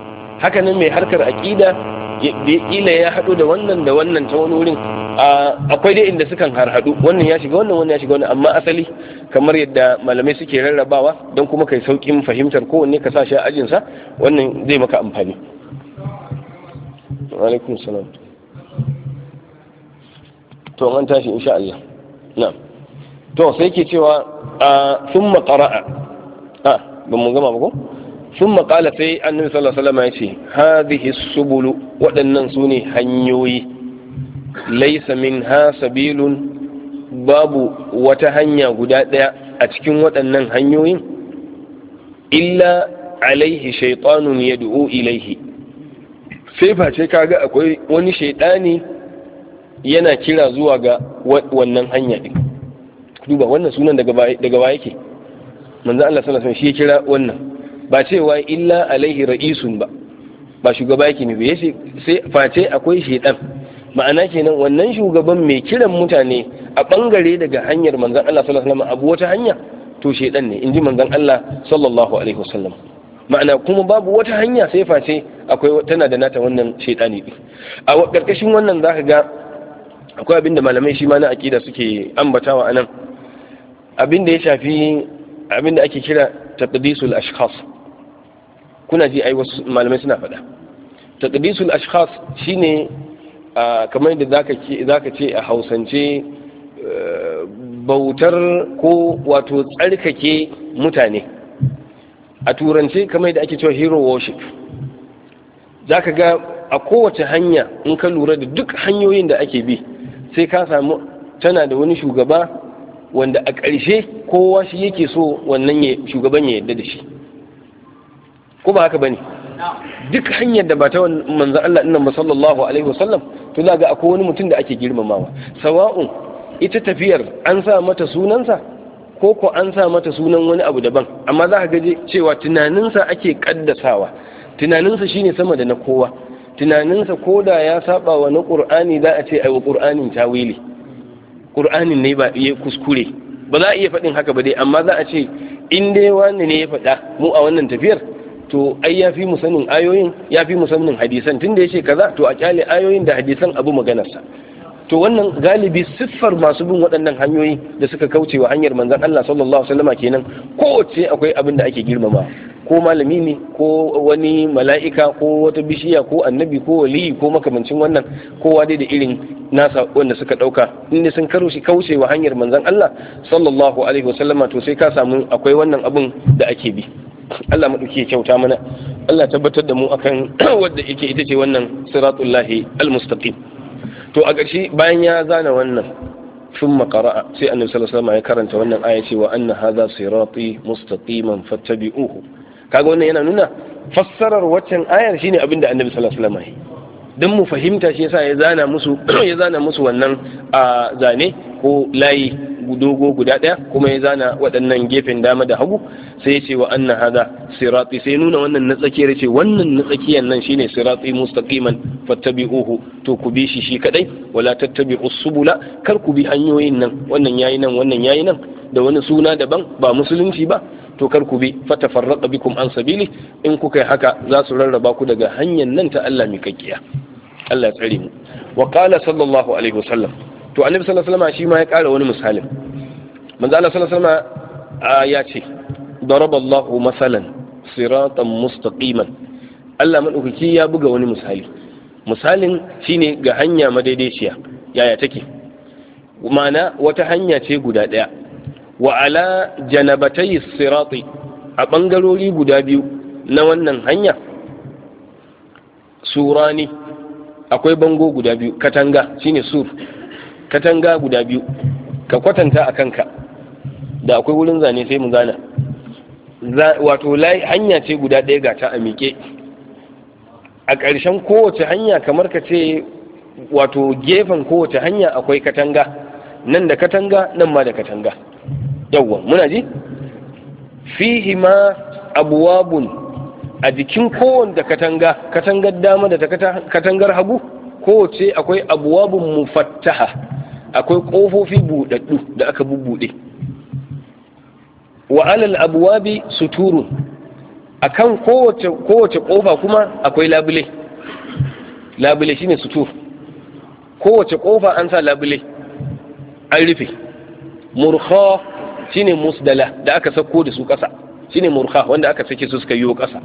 hakanan mai harkar aƙida da kila ya haɗu da wannan da wannan ta wani wurin akwai dai inda sukan har haɗu wannan ya shiga wannan wannan ya shiga wannan amma asali kamar yadda malamai suke rarrabawa don kuma kai saukin fahimtar kowanne ka sa shi a ajinsa wannan zai maka amfani alaikum salam to an tashi insha Allah na'am to sai ke cewa a sun makara a ba mu gama ba ko sun maƙala sai annabi sallallahu alaihi ya ce hadhihi subulu waɗannan su ne hanyoyi laisa min ha sabilun babu wata hanya guda ɗaya a cikin waɗannan hanyoyin illa alaihi shaitanun ya ilaihi sai ka ga akwai wani shaitani yana kira zuwa ga wannan hanya ɗin duba wannan sunan daga daga wa yake manzo Allah sallallahu alaihi shi ya kira wannan ba cewa illa alaihi ra'isun ba ba shugaba yake ne ba sai face akwai shedan ma'ana kenan wannan shugaban mai kiran mutane a bangare daga hanyar manzon Allah sallallahu alaihi wasallam abu wata hanya to shedan ne inji manzon Allah sallallahu alaihi wasallam ma'ana kuma babu wata hanya sai face akwai tana da nata wannan shedani din a karkashin wannan zaka ga akwai abinda malamai shi ma na akida suke ambatawa anan abin da ya shafi abin da ake kira taqdisul ashkhas kuna ji ai wasu malamai suna faɗa taqdisul ashkhas shine kamar da zaka ce zaka ce a hausance eh, bautar ko wato tsarkake mutane a turance kamar da ake cewa hero worship zaka ga a kowace hanya in ka lura da duk hanyoyin da ake bi sai ka samu tana da wani shugaba wanda a ƙarshe kowa shi yake so wannan shugaban ya yadda da shi ko ba haka bane duk hanyar da ba ta manzan Allah ɗin ba sallallahu alaihi wasallam to za ga akwai wani mutum da ake girmamawa sawa'un ita tafiyar an sa mata sunansa ko ko an sa mata sunan wani abu daban amma za ka gaje cewa tunaninsa ake kaddasawa tunaninsa shine sama da na kowa tunaninsa koda ya saba wa na qur'ani za a ce ai wa qur'anin tawili ƙur'anin ne ba iya kuskure ba za a iya faɗin haka ba dai amma za a ce in dai wani ne ya faɗa mu a wannan tafiyar to ai ya fi mu sanin ayoyin ya fi mu sanin hadisan tunda ya ce kaza to a kyale ayoyin da hadisan abu maganarsa to wannan galibi siffar masu bin waɗannan hanyoyi da suka kauce wa hanyar manzan Allah sallallahu alaihi wasallama kenan kowace akwai abin da ake girmama ko malami ne ko wani mala'ika ko wata bishiya ko annabi ko waliyi ko makamancin wannan kowa dai da irin nasa wanda suka ɗauka inda sun karo shi kauce wa hanyar manzan Allah sallallahu alaihi wasallama to sai ka samu akwai wannan abin da ake bi Allah maɗauki ya kyauta mana Allah tabbatar da mu akan wadda yake ita ce wannan siratullahi al-mustaqim to a ƙarshe bayan ya zana wannan ثم قرأ سي ya karanta wannan عليه وسلم يكرنت وأن آية anna hadha sirati mustaqiman fattabi'uhu kaga wannan yana nuna fassarar waccan ayar shine abin da annabi sallallahu alaihi wasallam dan mu fahimta shi yasa ya zana musu ya zana musu wannan a zane ko layi dogo guda ɗaya kuma ya zana waɗannan gefen dama da hagu sai ya ce wa anna haza sirati sai nuna wannan na tsakiyar ce wannan na tsakiyar nan shine sirati mustaqiman fattabi'uhu to ku bi shi shi kadai wala tattabi'u subula kar ku bi hanyoyin nan wannan yayi nan wannan yayi nan da wani suna daban ba musulunci ba to kar ku bi fatafarraqa bikum an sabili in kuka yi haka za su rarraba ku daga hanyar nan ta Allah mikakkiya Allah ya tsare mu wa qala sallallahu alaihi wasallam to annabi sallallahu alaihi wasallam shi ma ya ƙara wani misalin manzo Allah sallallahu alaihi wasallam ya ce daraballahu masalan siratan mustaqiman Allah madaukaki ya buga wani misali misalin shine ga hanya madaidaiciya yaya take ma'ana wata hanya ce guda ɗaya wa ala janabatai sirati a ɓangarori guda biyu na wannan hanya surani akwai bango guda biyu katanga shine sur katanga guda biyu ka kwatanta a kanka da akwai wurin zane sai mu zana wato layi hanya ce guda ɗaya ga ta a miƙe a ƙarshen kowace hanya kamar ka ce wato gefen kowace hanya akwai katanga nan da katanga nan ma da katanga Yawon muna ji fihi ma abuwabun a jikin kowanne katanga katangar dama da katangar hagu kowace akwai abuwabun mufattaha akwai ƙofofi buɗaɗɗu da aka bubbuɗe wa alal abuwabi suturun akan kowace kowace ƙofa kuma akwai labule labule shine sutur kowace kofa an sa labule an rufe murkha shine musdala da aka sako da su ƙasa shine murkha wanda aka sake su suka yiwo ƙasa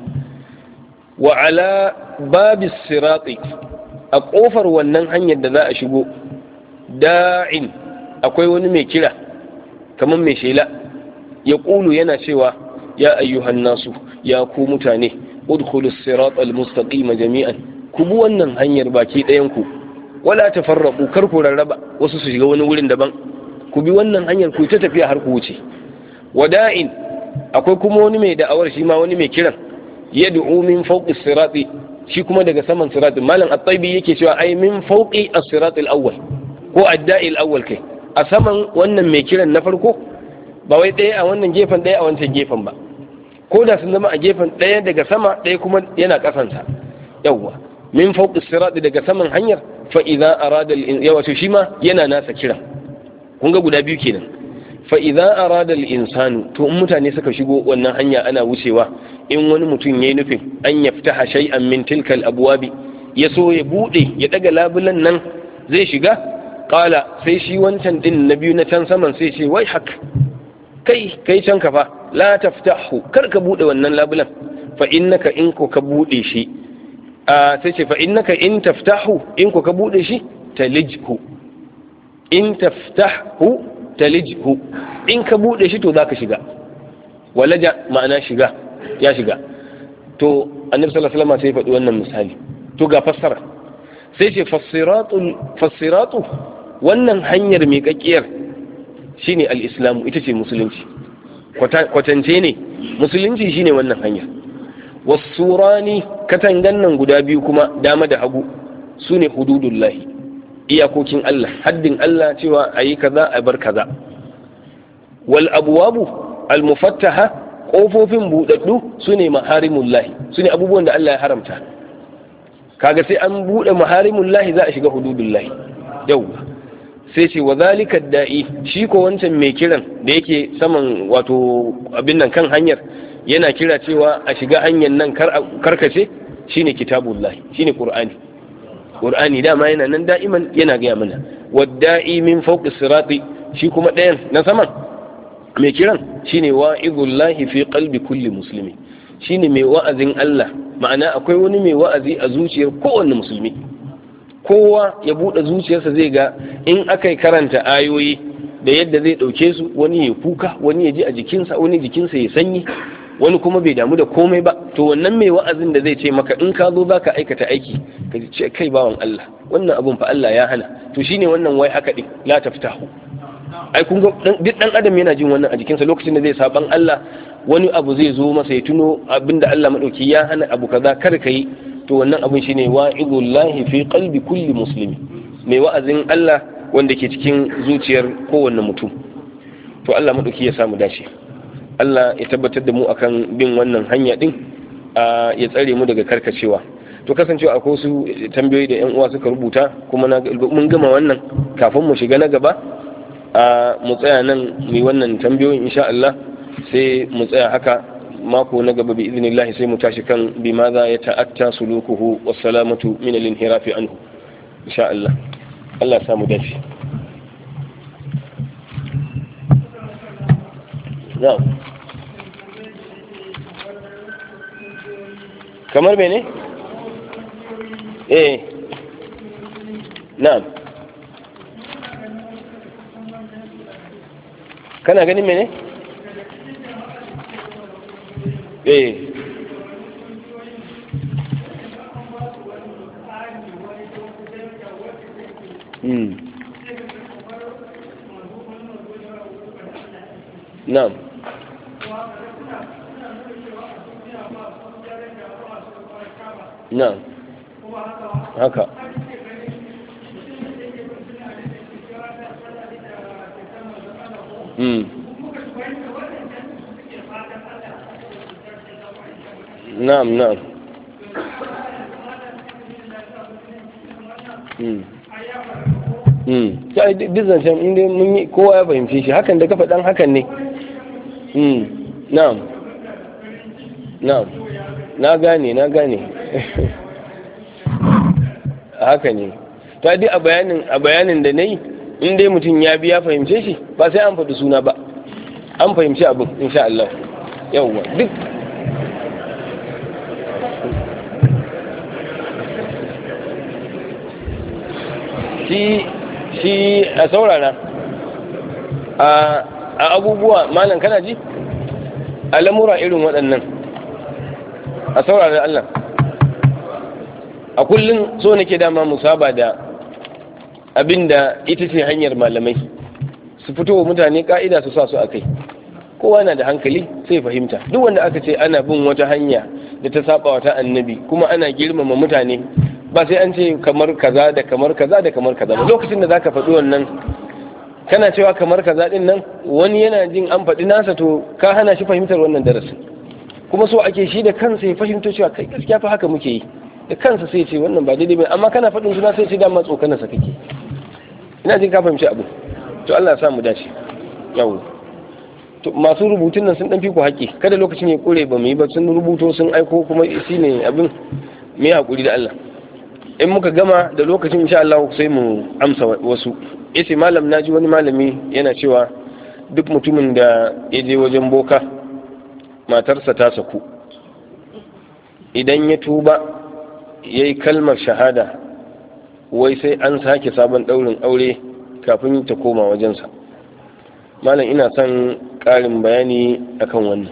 wa ala babis sirati a ƙofar wannan hanyar da za a shigo da'in akwai wani mai kira kamar mai shela ya ƙulu yana cewa ya ayyuhan nasu ya ku mutane udkhulus sirat al-mustaqima jami'an ku bi wannan hanyar baki ɗayan ku wala tafarraqu kar ku rarraba wasu su shiga wani wurin daban ku bi wannan hanyar ku ta tafiya har ku wuce wada'in akwai kuma wani mai da'awar shi ma wani mai kiran yad'u min fawqis sirati shi kuma daga saman siratul malam at-taibi yake cewa ai min fawqi as-siratul awwal ko ad-da'il awwal kai a saman wannan mai kiran na farko ba wai ɗaya a wannan gefen ɗaya a wancan gefen ba ko da sun zama a gefen ɗaya daga sama ɗaya kuma yana ƙasansa yawwa min fawqi sirati daga saman hanyar fa idza arada yawa shi ma yana nasa kiran kun ga guda biyu kenan fa idza arada al insanu to in mutane suka shigo wannan hanya ana wucewa in wani mutum yayi nufin an yaftaha shay'an min tilka al abwabi ya so ya bude ya daga labulan nan zai shiga qala sai shi wancan din na biyu na can saman sai ce wai hak kai kai can ka fa la taftahu kar ka bude wannan labulan fa innaka in ko ka bude shi a sai ce fa innaka in taftahu in ko ka bude shi talijhu in taftahu talijhu in ka bude shi to zaka shiga walaja ma'ana shiga ya shiga to annabi sallallahu alaihi wasallam sai faɗi wannan misali to ga fassara sai ce fassiratu fassiratu wannan hanyar miƙaƙƙiyar shine al ita ce musulunci kwatance ne musulunci shine wannan hanyar wasurani katangan nan guda biyu kuma dama da hagu sune hududullahi iyakokin Allah haddin Allah cewa ayi kaza a bar kaza wal abwabu almufattaha mufattaha kofofin budaddu sune maharimullahi sune abubuwan da Allah ya haramta kaga sai an bude maharimullahi za a shiga hududullahi Yau, sai ce wa zalika da'i shi ko wancan mai kiran da yake saman wato abin nan kan hanyar yana kira cewa a shiga hanyar nan karkace shine kitabullahi shine qur'ani qur'ani dama yana nan da'iman yana gaya mana wadda'i min fawqi sirati shi kuma ɗayan na saman mai kiran shine wa'izullahi fi qalbi kulli muslimi shine mai wa'azin Allah ma'ana akwai wani mai wa'azi a zuciyar kowanne musulmi kowa ya buɗe zuciyarsa zai ga in aka karanta ayoyi da yadda zai ɗauke su wani ya kuka wani ya ji a jikinsa wani jikinsa ya sanyi wani kuma bai damu da komai ba to wannan mai wa'azin da zai ce maka in ka zo zaka aikata aiki ka ce kai bawan Allah wannan abun fa Allah ya hana to shine wannan wai haka din la taftahu ai kun ga duk dan adam yana jin wannan a jikinsa lokacin da zai saban Allah wani abu zai zo masa ya tuno abinda Allah madauki ya hana abu kaza kar ka yi to wannan abun shine wa'idullahi fi qalbi kulli muslimi mai wa'azin Allah wanda ke cikin zuciyar kowanne mutum to Allah madauki ya samu dace Allah ya tabbatar da mu akan bin wannan hanya din ya tsare mu daga karkacewa to kasancewa akwai su tambayoyi da yan uwa suka rubuta kuma mun gama wannan kafin mu shiga na gaba mu tsaya nan mu yi wannan tambayoyin insha Allah sai mu tsaya haka mako na gaba bi idnillahi sai mu tashi kan bi ma za ya ta'atta sulukuhu was salamatu min al inhirafi anhu insha Allah Allah ya samu dace na'am kamar mene eh na'am kana ganin mene eh hmm. Na'am. na haka hmm. na'am na'am sai hmm. hmm. duk zancen inda mun yi kowa ya fahimci shi hakan da kafa dan hakan ne na'am na'am na gane na gane haka ne ta di a bayanin da na yi in dai mutum ya biya fahimce shi ba sai an faɗi suna ba an fahimci abin insha Allah yawwa duk shi shi a saurara a abubuwa malam kana ji a lamura irin waɗannan a saurara Allah a kullum so nake dama mu saba da abinda ita ce hanyar malamai su fito wa mutane ka'ida su sa su a kai kowa na da hankali sai fahimta duk wanda aka ce ana bin wata hanya da ta saba wata annabi kuma ana girmama mutane ba sai an ce kamar kaza da kamar kaza da kamar kaza ba lokacin da zaka faɗi wannan kana cewa kamar kaza din nan wani yana jin an faɗi nasa to ka hana shi fahimtar wannan darasin kuma so ake shi da kansa ya fahimta cewa kai gaskiya fa haka muke yi da kansa sai ce wannan ba daidai ba amma kana faɗin suna sai ce dama tsokanar sa kake ina jin ka fahimci abu to Allah ya sa mu dace yawo to masu rubutun nan sun dan fi ku haƙi kada lokacin ya kore ba mu yi ba sun rubuto sun aiko kuma shi ne abin mu yi hakuri da Allah in muka gama da lokacin insha Allah sai mu amsa wasu yace malam naji wani malami yana cewa duk mutumin da ya je wajen boka matarsa ta saku idan ya tuba ya yi kalmar shahada wai sai an sake sabon ɗaurin aure kafin ta koma wajensa malam ina son ƙarin bayani akan wannan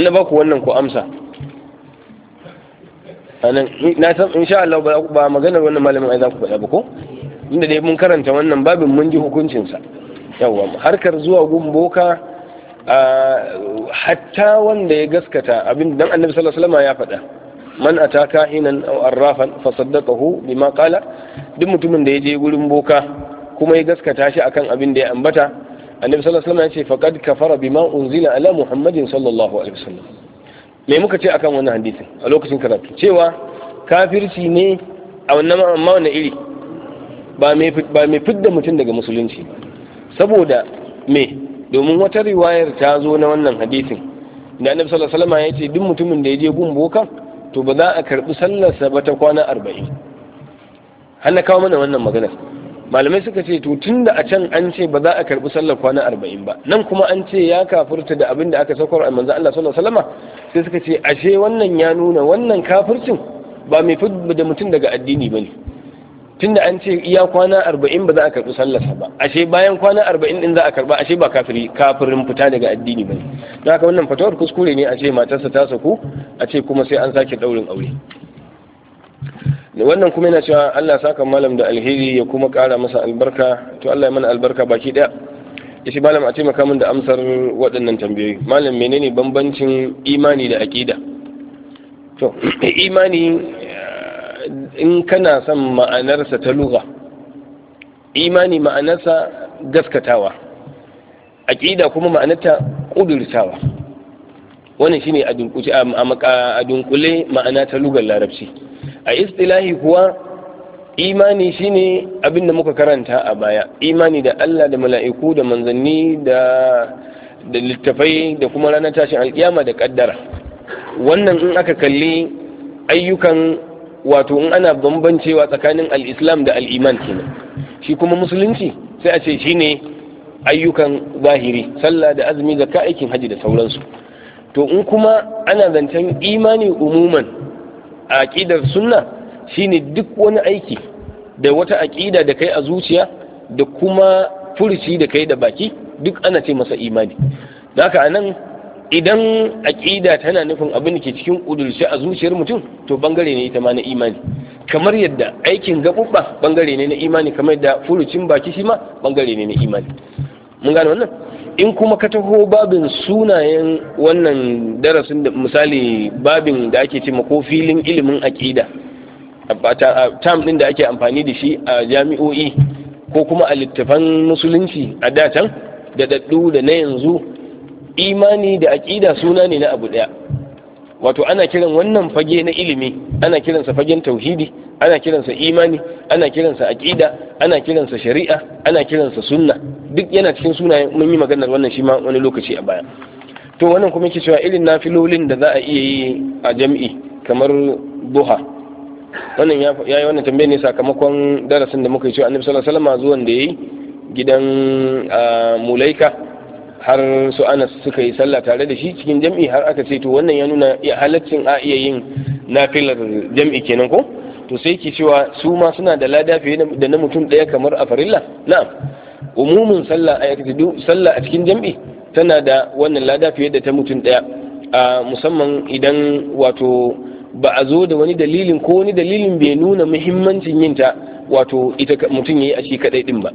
ina ba ku wannan ku amsa anan na san insha Allah ba maganar wannan malamin ai za ku faɗa ba ko inda dai mun karanta wannan babin mun ji hukuncinsa yawa harkar zuwa gun boka hatta wanda ya gaskata abin dan annabi sallallahu alaihi wasallam ya faɗa man ata kahinan aw arrafan fa saddaqahu bima qala duk mutumin da ya je gurin boka kuma ya gaskata shi akan abin da ya ambata annabi sallallahu alaihi wasallam ya ce faqad kafara bima unzila ala muhammadin sallallahu alaihi wasallam me muka ce akan wannan hadisin a lokacin karatu cewa kafirci ne a wannan amma wannan iri ba mai ba me fidda mutum daga musulunci saboda me domin wata riwayar ta zo na wannan hadisin da annabi sallallahu alaihi wasallam ya ce duk mutumin da ya je gun bokan to ba za a karɓi sallarsa ba ta kwana arba'in hana kawo mana wannan maganar. malamai suka ce to tun da a can an ce ba za a karɓi sallar kwana arba'in ba nan kuma an ce ya kafurta da abin da aka saukar a manzan Allah sallallahu alaihi sai suka ce ashe wannan ya nuna wannan kafircin ba mai fidda da mutum daga addini ba ne tun da an ce iya kwana arba'in ba za a karɓi sallarsa ba ashe bayan kwana arba'in din za a karɓa ashe ba kafiri kafirin fita daga addini ba don haka wannan fatawar kuskure ne a ce matarsa ta saku a ce kuma sai an sake ɗaurin aure wannan kuma yana cewa Allah saka malam da alheri ya kuma kara masa albarka to Allah ya mana albarka baki ɗaya ya shi malam a ce min da amsar waɗannan tambayoyi malam menene bambancin imani da aƙida to imani in kana son ma'anarsa ta lura imani ma'anarsa gaskatawa ƙida kuma ma'anarta ƙudurtawa wannan shine a a dunkule ma'ana ta lugar larabci a istilahi kuwa imani shine abin da muka karanta a baya imani da Allah da mala'iku da manzanni da da littafai da kuma ranar tashin alkiyama da kaddara wannan in aka kalli ayyukan wato in ana bambancewa tsakanin al-islam da al-iman kenan shi kuma musulunci sai a ce shi ne ayyukan zahiri sallah da azumi da ka'aikin aikin haji da sauransu to in kuma ana zancen imani umuman a aqidar sunna ne duk wani aiki da wata aƙida da kai a zuciya da kuma furci da kai da baki duk ana ce masa imani naka anan idan aƙida tana nufin abin da ke cikin ƙudurce a zuciyar mutum to bangare ne ita ma na imani kamar yadda aikin gaɓuɓɓa bangare ne na imani kamar yadda furucin baki shi ma bangare ne na imani mun gane wannan in kuma ka taho babin sunayen wannan darasin da misali babin da ake ce ko filin ilimin aƙida tam ɗin da ake amfani da shi a jami'o'i ko kuma a littafan musulunci a datan da daddu da na yanzu imani da aƙida suna ne na abu ɗaya wato ana kiran wannan fage na ilimi ana kiransa fagen tauhidi ana kiransa imani ana kiransa aƙida ana kiransa shari'a ana kiransa sunna duk yana cikin sunayen mun yi maganar wannan shi ma wani lokaci a baya to wannan kuma yake cewa irin nafilolin da za a iya yi a jam'i kamar duha wannan ya yi wannan tambaye ne sakamakon darasin da muka yi cewa annabi sallallahu alaihi wasallam zuwan da yayi gidan ah, mulaika har su anas suka yi sallah tare da shi cikin jam'i har aka ce to wannan ya nuna halaccin a iya yin nafilar jam'i kenan ko to sai ke cewa su ma suna da lada fiye da na mutum ɗaya kamar a farilla na'am umumin sallah a sallah a cikin jam'i tana da wannan lada fiye da ta mutum ɗaya a musamman idan wato ba a zo da wani dalilin ko wani dalilin bai nuna muhimmancin yin ta wato ita mutum ya yi a shi kadai din ba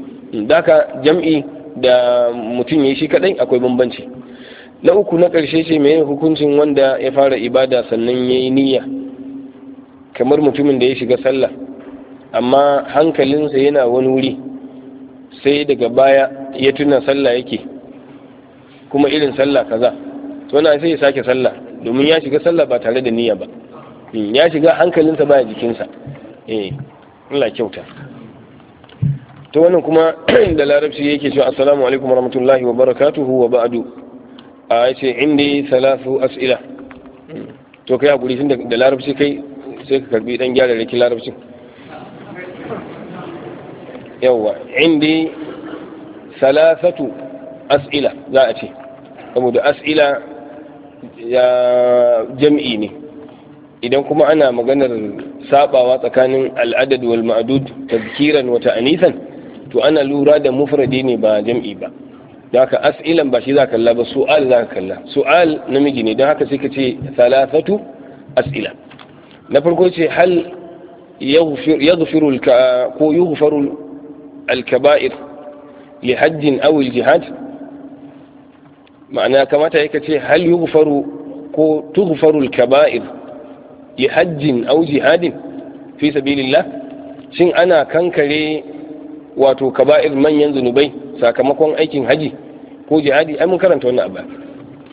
daka jam'i da mutum ya yi shi kadai akwai bambanci na uku na ƙarshe ce mai hukuncin wanda ya fara ibada sannan ya yi niyya kamar mutumin da ya shiga sallah amma hankalinsa yana wani wuri sai daga baya ya tuna sallah yake kuma irin sallah kaza to na sai ya sake sallah domin ya shiga sallah ba tare da niyya ba hmm, ya shiga hankalinsa ba ya jikinsa eh Allah kyauta to wannan kuma da larabci yake cewa assalamu alaikum warahmatullahi wabarakatuhu wa ba'du a yace indi salasu as'ila to kai hakuri tun da larabci kai sai ka karbi dan gyara da larabci yawa indi salasatu as'ila za a ce saboda as'ila ya jam'i ne idan kuma ana maganar sabawa tsakanin al'adad wal ma'dud tazkiran wa ta'anisan to ana lura da mufradi ne ba jam'i ba da haka as'ilan ba shi za kalla ba su'al za kalla su'al namiji ne don haka sai ka ce salafatu as'ila na farko ce hal yaghfiru ko yughfaru al-kaba'ir li hajjin aw al-jihad ma'ana kamata yake ce hal yughfaru ko tughfaru al-kaba'ir li hajjin aw jihadin fi sabilillah shin ana kankare wato kaba'ir manyan zunubai sakamakon aikin haji ko jihadi ai mun karanta wannan abu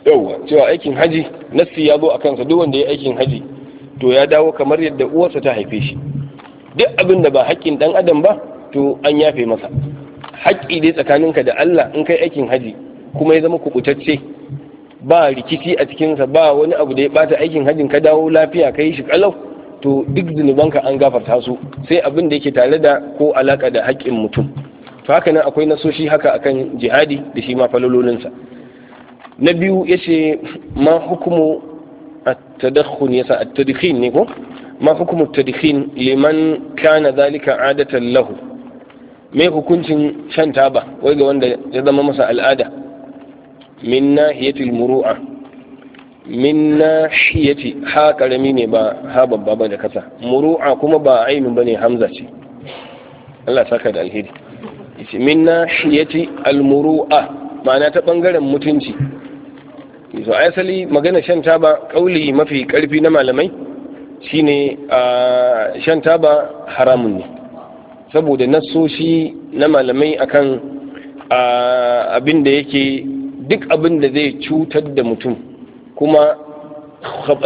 yauwa cewa aikin haji nassi ya zo a kansa duk wanda ya aikin haji to ya dawo kamar yadda uwarsa ta haife shi duk abin da ba haƙƙin dan adam ba to an yafe masa haƙƙi dai tsakaninka da Allah in kai aikin haji kuma ya zama kubutacce ba rikici a cikinsa ba wani abu da ya bata aikin hajin ka dawo lafiya ka yi shi kalau to duk zunubanka an gafarta su sai abin da yake tare da ko alaka da haƙƙin mutum to haka nan akwai nasoshi haka akan jihadi da shi ma falololinsa na biyu yace ma hukumu at-tadakhkhun yasa at-tadkhin ne ko ma hukumu at-tadkhin liman kana zalika adatan lahu me hukuncin shan taba wai ga wanda ya zama masa al'ada min nahiyatil muru'a min nahiyati ha karami ne ba ha babba ba da kasa muru'a kuma ba ainun bane hamza ce Allah saka da alheri yace min nahiyati almuru'a ma'ana ta bangaren mutunci yace asali magana shan taba kauli mafi karfi na malamai shine a shan taba haramun ne saboda nassoshi na malamai akan abin da yake duk abin da zai cutar da mutum kuma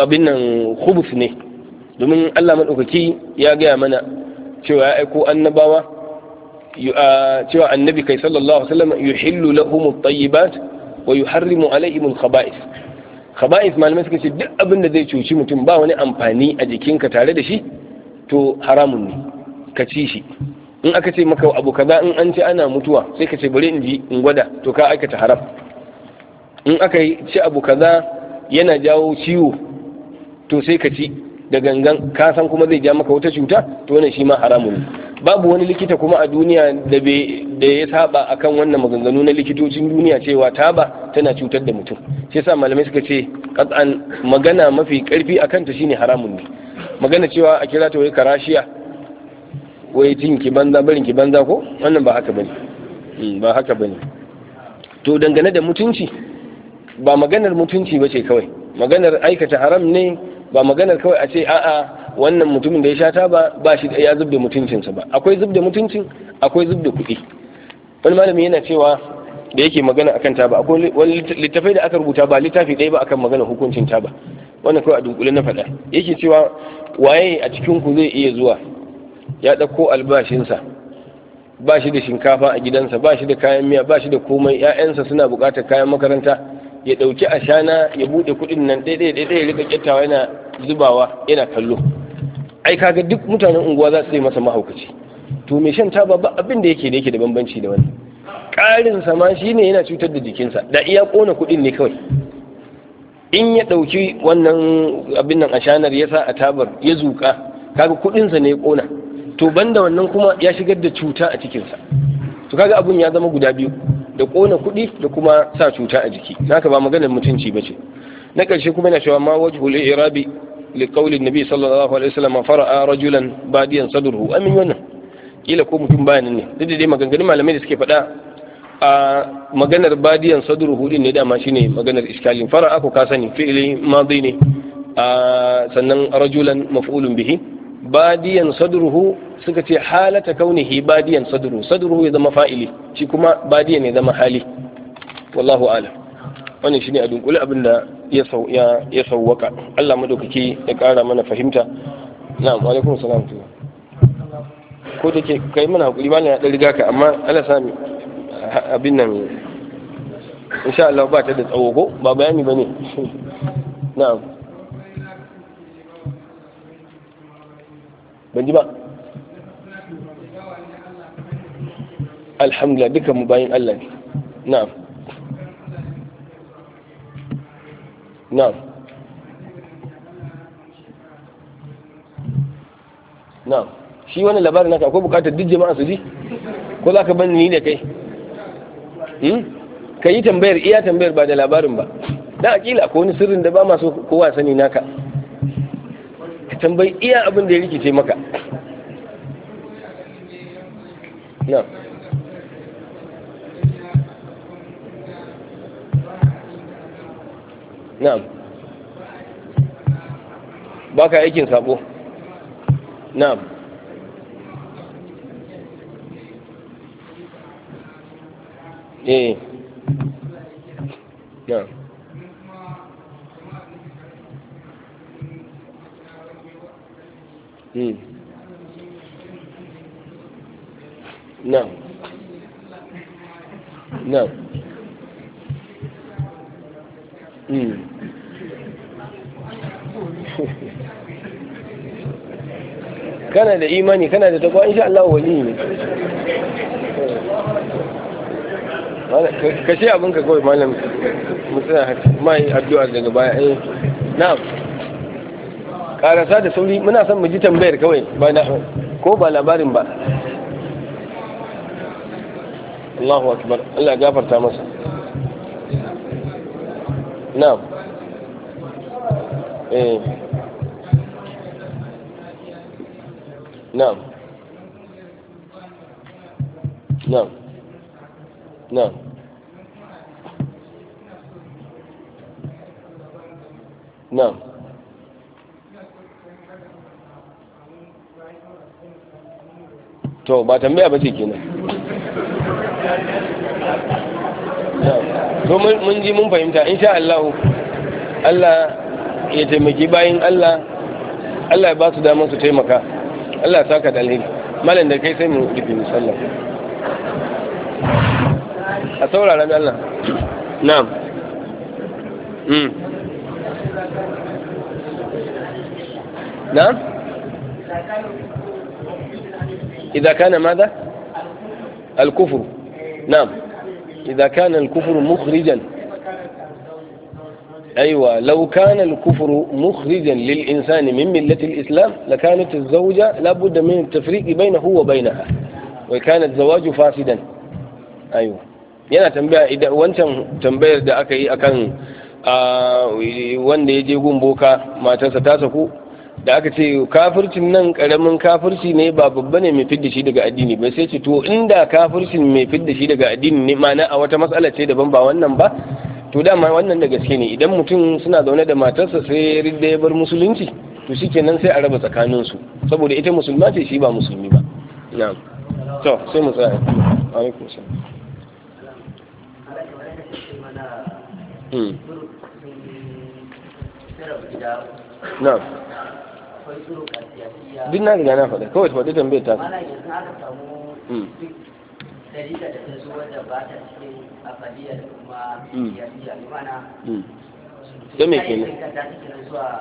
abin nan hubus ne domin Allah madaukaki ya gaya mana cewa ya aiko annabawa cewa annabi kai sallallahu alaihi wasallam yuhillu lahum at-tayyibat wa yuharrimu alaihim al-khaba'ith khaba'ith malamai suka ce duk abin da zai cuci mutum ba wani amfani a jikinka tare da shi to haramun ne ka ci shi in aka ce maka abu kaza in an ce ana mutuwa sai ka ce bari in ji in gwada to ka aikata haram in aka ci abu kaza yana jawo ciwo to sai ka ci da gangan kasan kuma zai ja maka wata cuta to wannan shi ma haramun ne babu wani likita kuma a duniya da da ya saba akan wannan maganganu na likitocin duniya cewa taba tana cutar da mutum shi yasa malamai suka ce qat'an magana mafi karfi akan ta shine haramun ne magana cewa a kira ta wai karashiya wai jin ki banza barin ki banza ko wannan ba haka bane hmm, ba haka bane to dangane da mutunci ba maganar mutunci ba ce kawai maganar aikata haram ne ba maganar kawai a ce a'a wannan mutumin da ya sha taba ba shi ya zub da mutuncinsa ba akwai zub da mutuncin akwai zub da kuɗi wani malami yana cewa da yake magana akan taba akwai wani littafai da aka rubuta ba littafi ɗaya ba akan magana hukuncin taba wannan kawai a dunkule na faɗa yake cewa waye a cikin ku zai iya zuwa ya ɗauko albashinsa ba shi da shinkafa a gidansa ba shi da kayan miya ba shi da komai 'ya'yansa suna buƙatar kayan makaranta ya ɗauki ashana ya buɗe kuɗin nan ɗaiɗai ɗaiɗai ya rika kyattawa yana zubawa yana kallo ai kaga duk mutanen unguwa za su yi masa mahaukaci to mai shan taba ba abin da yake da yake da bambanci da wannan ƙarin sama shi ne yana cutar da jikinsa da iya ƙona kuɗin ne kawai in ya ɗauki wannan abin nan ashanar ya sa a tabar ya zuƙa kaga kuɗinsa ne ya ƙona to banda wannan kuma ya shigar da cuta a cikinsa to kaga abun ya zama guda biyu da ƙona kuɗi da kuma sa cuta a jiki Na ka ba maganar mutunci ba ce na ƙarshe kuma yana cewa ma wajhu hulun irabi da qawli nabi sallallahu alaihi wasallam fara'a rajulan badiyan sadurhu. amin wannan kila ko mutum bayanin ne duk da dai malamai da suke faɗa a maganar badiyan sadurhu din ne dama shine maganar iskalin fara'a ko ka sani fi'ili madi ne sannan rajulan maf'ulun bihi badiyan sadruhu suka ce halata kaunihi badiyan sadruhu sadruhu ya zama fa'ili shi kuma badiyan ya zama hali wallahu ala wannan shine a dunkule abin da ya ya ya sauwaka Allah madaukake ya kara mana fahimta na'am wa alaikum salam ko take kai mana hakuri ba na da riga ka amma Allah sami abin nan insha Allah ba ta da tsawo ko ba bayani bane na'am ban ji ba alhamdulillah duka mu bayin Allah ne na'am na'am na'am shi wani labarin naka akwai bukatar duk jama'a su ji ko za ka ban ni da kai hmm? ka yi tambayar iya tambayar ba da labarin ba Na akila ko wani sirrin da ba masu kowa sani naka ka tambayi iya abin da ya rikice maka na na ba ka aikin sabo na eh yeah. نعم hmm. نعم hmm. kana da imani kana da takwa insha Allah ne ka abinka kawai malam mutum mai daga baya eh, karasa da sauri muna son mu ji tambayar kawai ba na ko ba labarin ba Allahu akbar Allah ya gafarta masa na'am eh na'am na'am na'am na'am to ba tambaya ba ce kenan to mun ji mun fahimta insha Allah Allah ya taimaki bayin Allah Allah ya ba su damar su taimaka Allah ya saka da malam da kai sai mu rufe sallah. a saurara da Allah na'am mm na'am إذا كان ماذا الكفر نعم إذا كان الكفر مخرجا أيوة لو كان الكفر مخرجا للإنسان من ملة الإسلام لكانت الزوجة لابد من التفريق بينه وبينها وكان الزواج فاسدا أيوة yana tambaya idan wancan tambayar da aka yi akan wanda ya je gun boka matarsa ta saku da aka ce kafircin nan karamin kafirci ne ba babba ne mai fidda shi daga addini ba sai ce to inda kafircin mai fidda shi daga addini ne ma'ana a wata matsala ce daban ba wannan ba to dama wannan da gaske ne idan mutum suna zaune da matarsa sai ridda ya bar musulunci to shikenan sai a raba tsakanin su saboda ita musulma ce shi ba musulmi ba na'am to sai mu tsaya alaikum salam hmm. na'am duk na riga na faɗa kawai faɗi tambayar ta mana yanzu aka samu hmm. duk da ta zo wadda ba ta cikin afaliya da kuma hmm. siyasiya mana hmm. sai mai kenan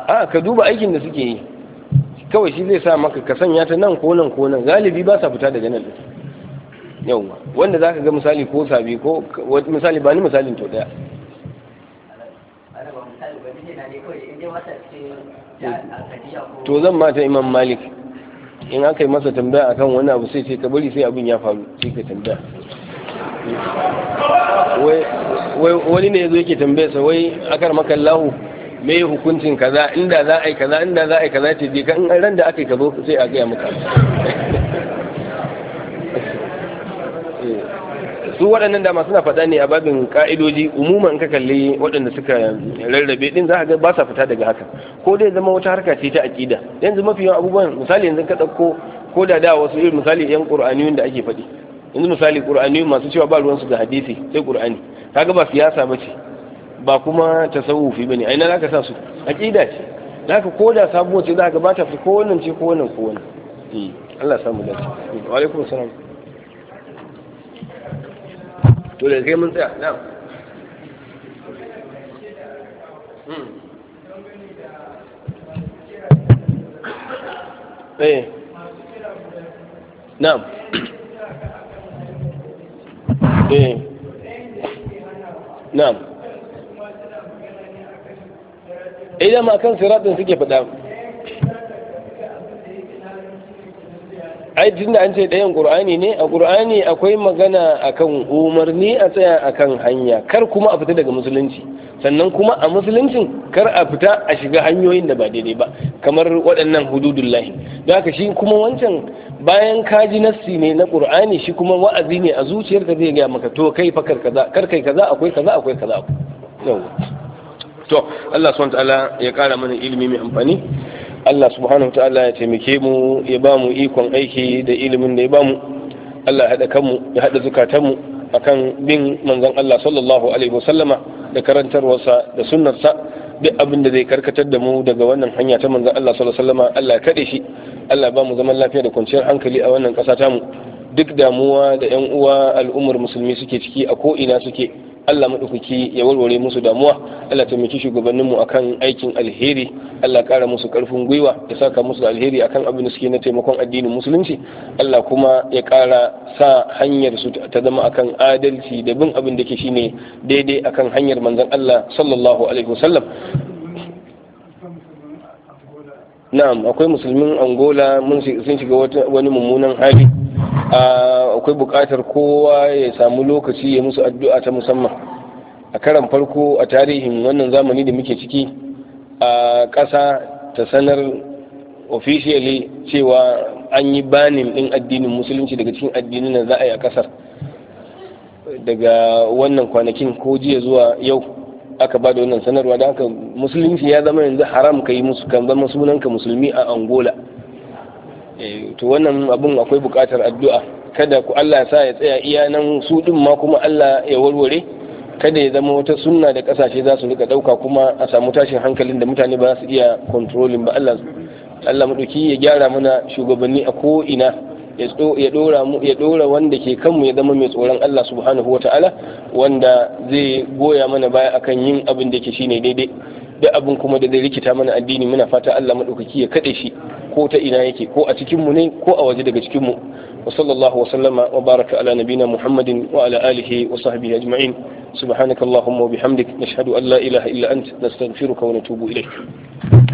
a ka duba aikin da suke yi kawai shi zai sa maka ka sanya ta nan ko nan ko nan galibi ba sa fita daga nan yawwa wanda zaka ga misali ko sabi ko misali ba ni misalin to daya to zan mata imam malik in aka yi masa tambaya akan wani abu sai ce ka bari sai abin ya faru sai ka tambaya wani ne yazo yake tambaya sa wai akar makallahu me hukuncin kaza inda za a yi kaza inda za a yi kaza ce je ka in ran da aka yi ka zo sai a gaya maka su waɗannan dama suna faɗa ne a babin ka'idoji umuman ka kalli waɗanda suka rarrabe din za ka ga ba sa fita daga haka ko dai zama wata harka ce ta aƙida yanzu mafi yawan abubuwan misali yanzu ka ɗauko ko da da wasu irin misali yan qur'aniyun da ake faɗi yanzu misali qur'aniyun masu cewa ba ruwansu ga hadisi sai ka ga ba siyasa ba ce, ba kuma tasawufi A ina za ka sa su aƙida ce ko koda sabuwa ce za ka ba ta fi ko wannan ce ko wannan ko wannan hmm. Allah samu dace wa alaikum salam to da kai mun tsaya hmm. eh. na'am eh na'am eh na'am idan ma kan siratin suke faɗa ai da an ce ɗayan ƙur'ani ne a ƙur'ani akwai magana akan umarni a tsaya akan hanya kar kuma a fita daga musulunci sannan kuma a musuluncin kar a fita a shiga hanyoyin da ba daidai ba kamar waɗannan lahi da aka shi kuma wancan bayan kaji nassi ne na ƙur'ani shi kuma wa'azi ne a zuciyar zuciyarka zai gaya maka to kai fa kaza kar kai kaza akwai kaza akwai kaza to Allah subhanahu wa ta'ala ya kara mana ilimi mai amfani Allah subhanahu ta'ala ya taimake mu ya ba mu ikon aiki da ilimin da ya ba mu Allah ya haɗa kanmu ya haɗa zukatanmu akan bin manzon Allah sallallahu alaihi wasallama da karantarwarsa da sunnarsa duk abin da zai karkatar da mu daga wannan hanya ta manzon Allah sallallahu alaihi wasallama Allah ya kaɗe shi Allah ba mu zaman lafiya da kwanciyar hankali a wannan ƙasa mu. duk damuwa da 'yan uwa al'ummar musulmi suke ciki a ko ina suke Allah maɗaukaki ya warware musu damuwa Allah taimaki shugabanninmu akan aikin alheri Allah ƙara musu ƙarfin gwiwa ya saka musu da alheri akan abin da suke na taimakon addinin musulunci Allah kuma ya ƙara sa hanyar su ta zama akan adalci da bin abin da ke shine daidai akan hanyar manzon Allah sallallahu alaihi wasallam na'am akwai musulmin angola mun sun shiga wani mummunan hali akwai buƙatar kowa ya samu lokaci ya musu addu'a ta musamman a karan farko a tarihin wannan zamani da muke ciki a ƙasa ta sanar officially cewa an yi banin ɗin addinin musulunci daga cikin addinin da za a yi a ƙasar daga wannan kwanakin ko jiya zuwa yau aka ba da wannan sanarwa da haka musulunci ya zama yanzu haram ka yi musu zama sunanka musulmi a angola Eh, to wannan abun akwai buƙatar addu'a kada ku Allah sa ya tsaya iya nan su din ma kuma Allah ya warware kada ya zama wata sunna da kasashe za su rika dauka kuma a samu tashin hankalin da mutane ba su iya controlling ba Allah Allah madauki ya gyara mana shugabanni a ko'ina, ya dora wanda ke kanmu ya zama mai tsoron Allah subhanahu wataala wanda zai goya mana baya akan yin abin da ke ne daidai duk abin kuma da zai rikita mana addini muna fata Allah madaukaki ya kade shi ko ta ina yake ko a cikin mu ne ko a waje daga cikin mu wa sallallahu wa sallama wa baraka ala nabina muhammadin wa ala alihi wa sahbihi ajma'in subhanakallahumma wa bihamdik nashhadu an la ilaha illa ant nastaghfiruka wa natubu ilayk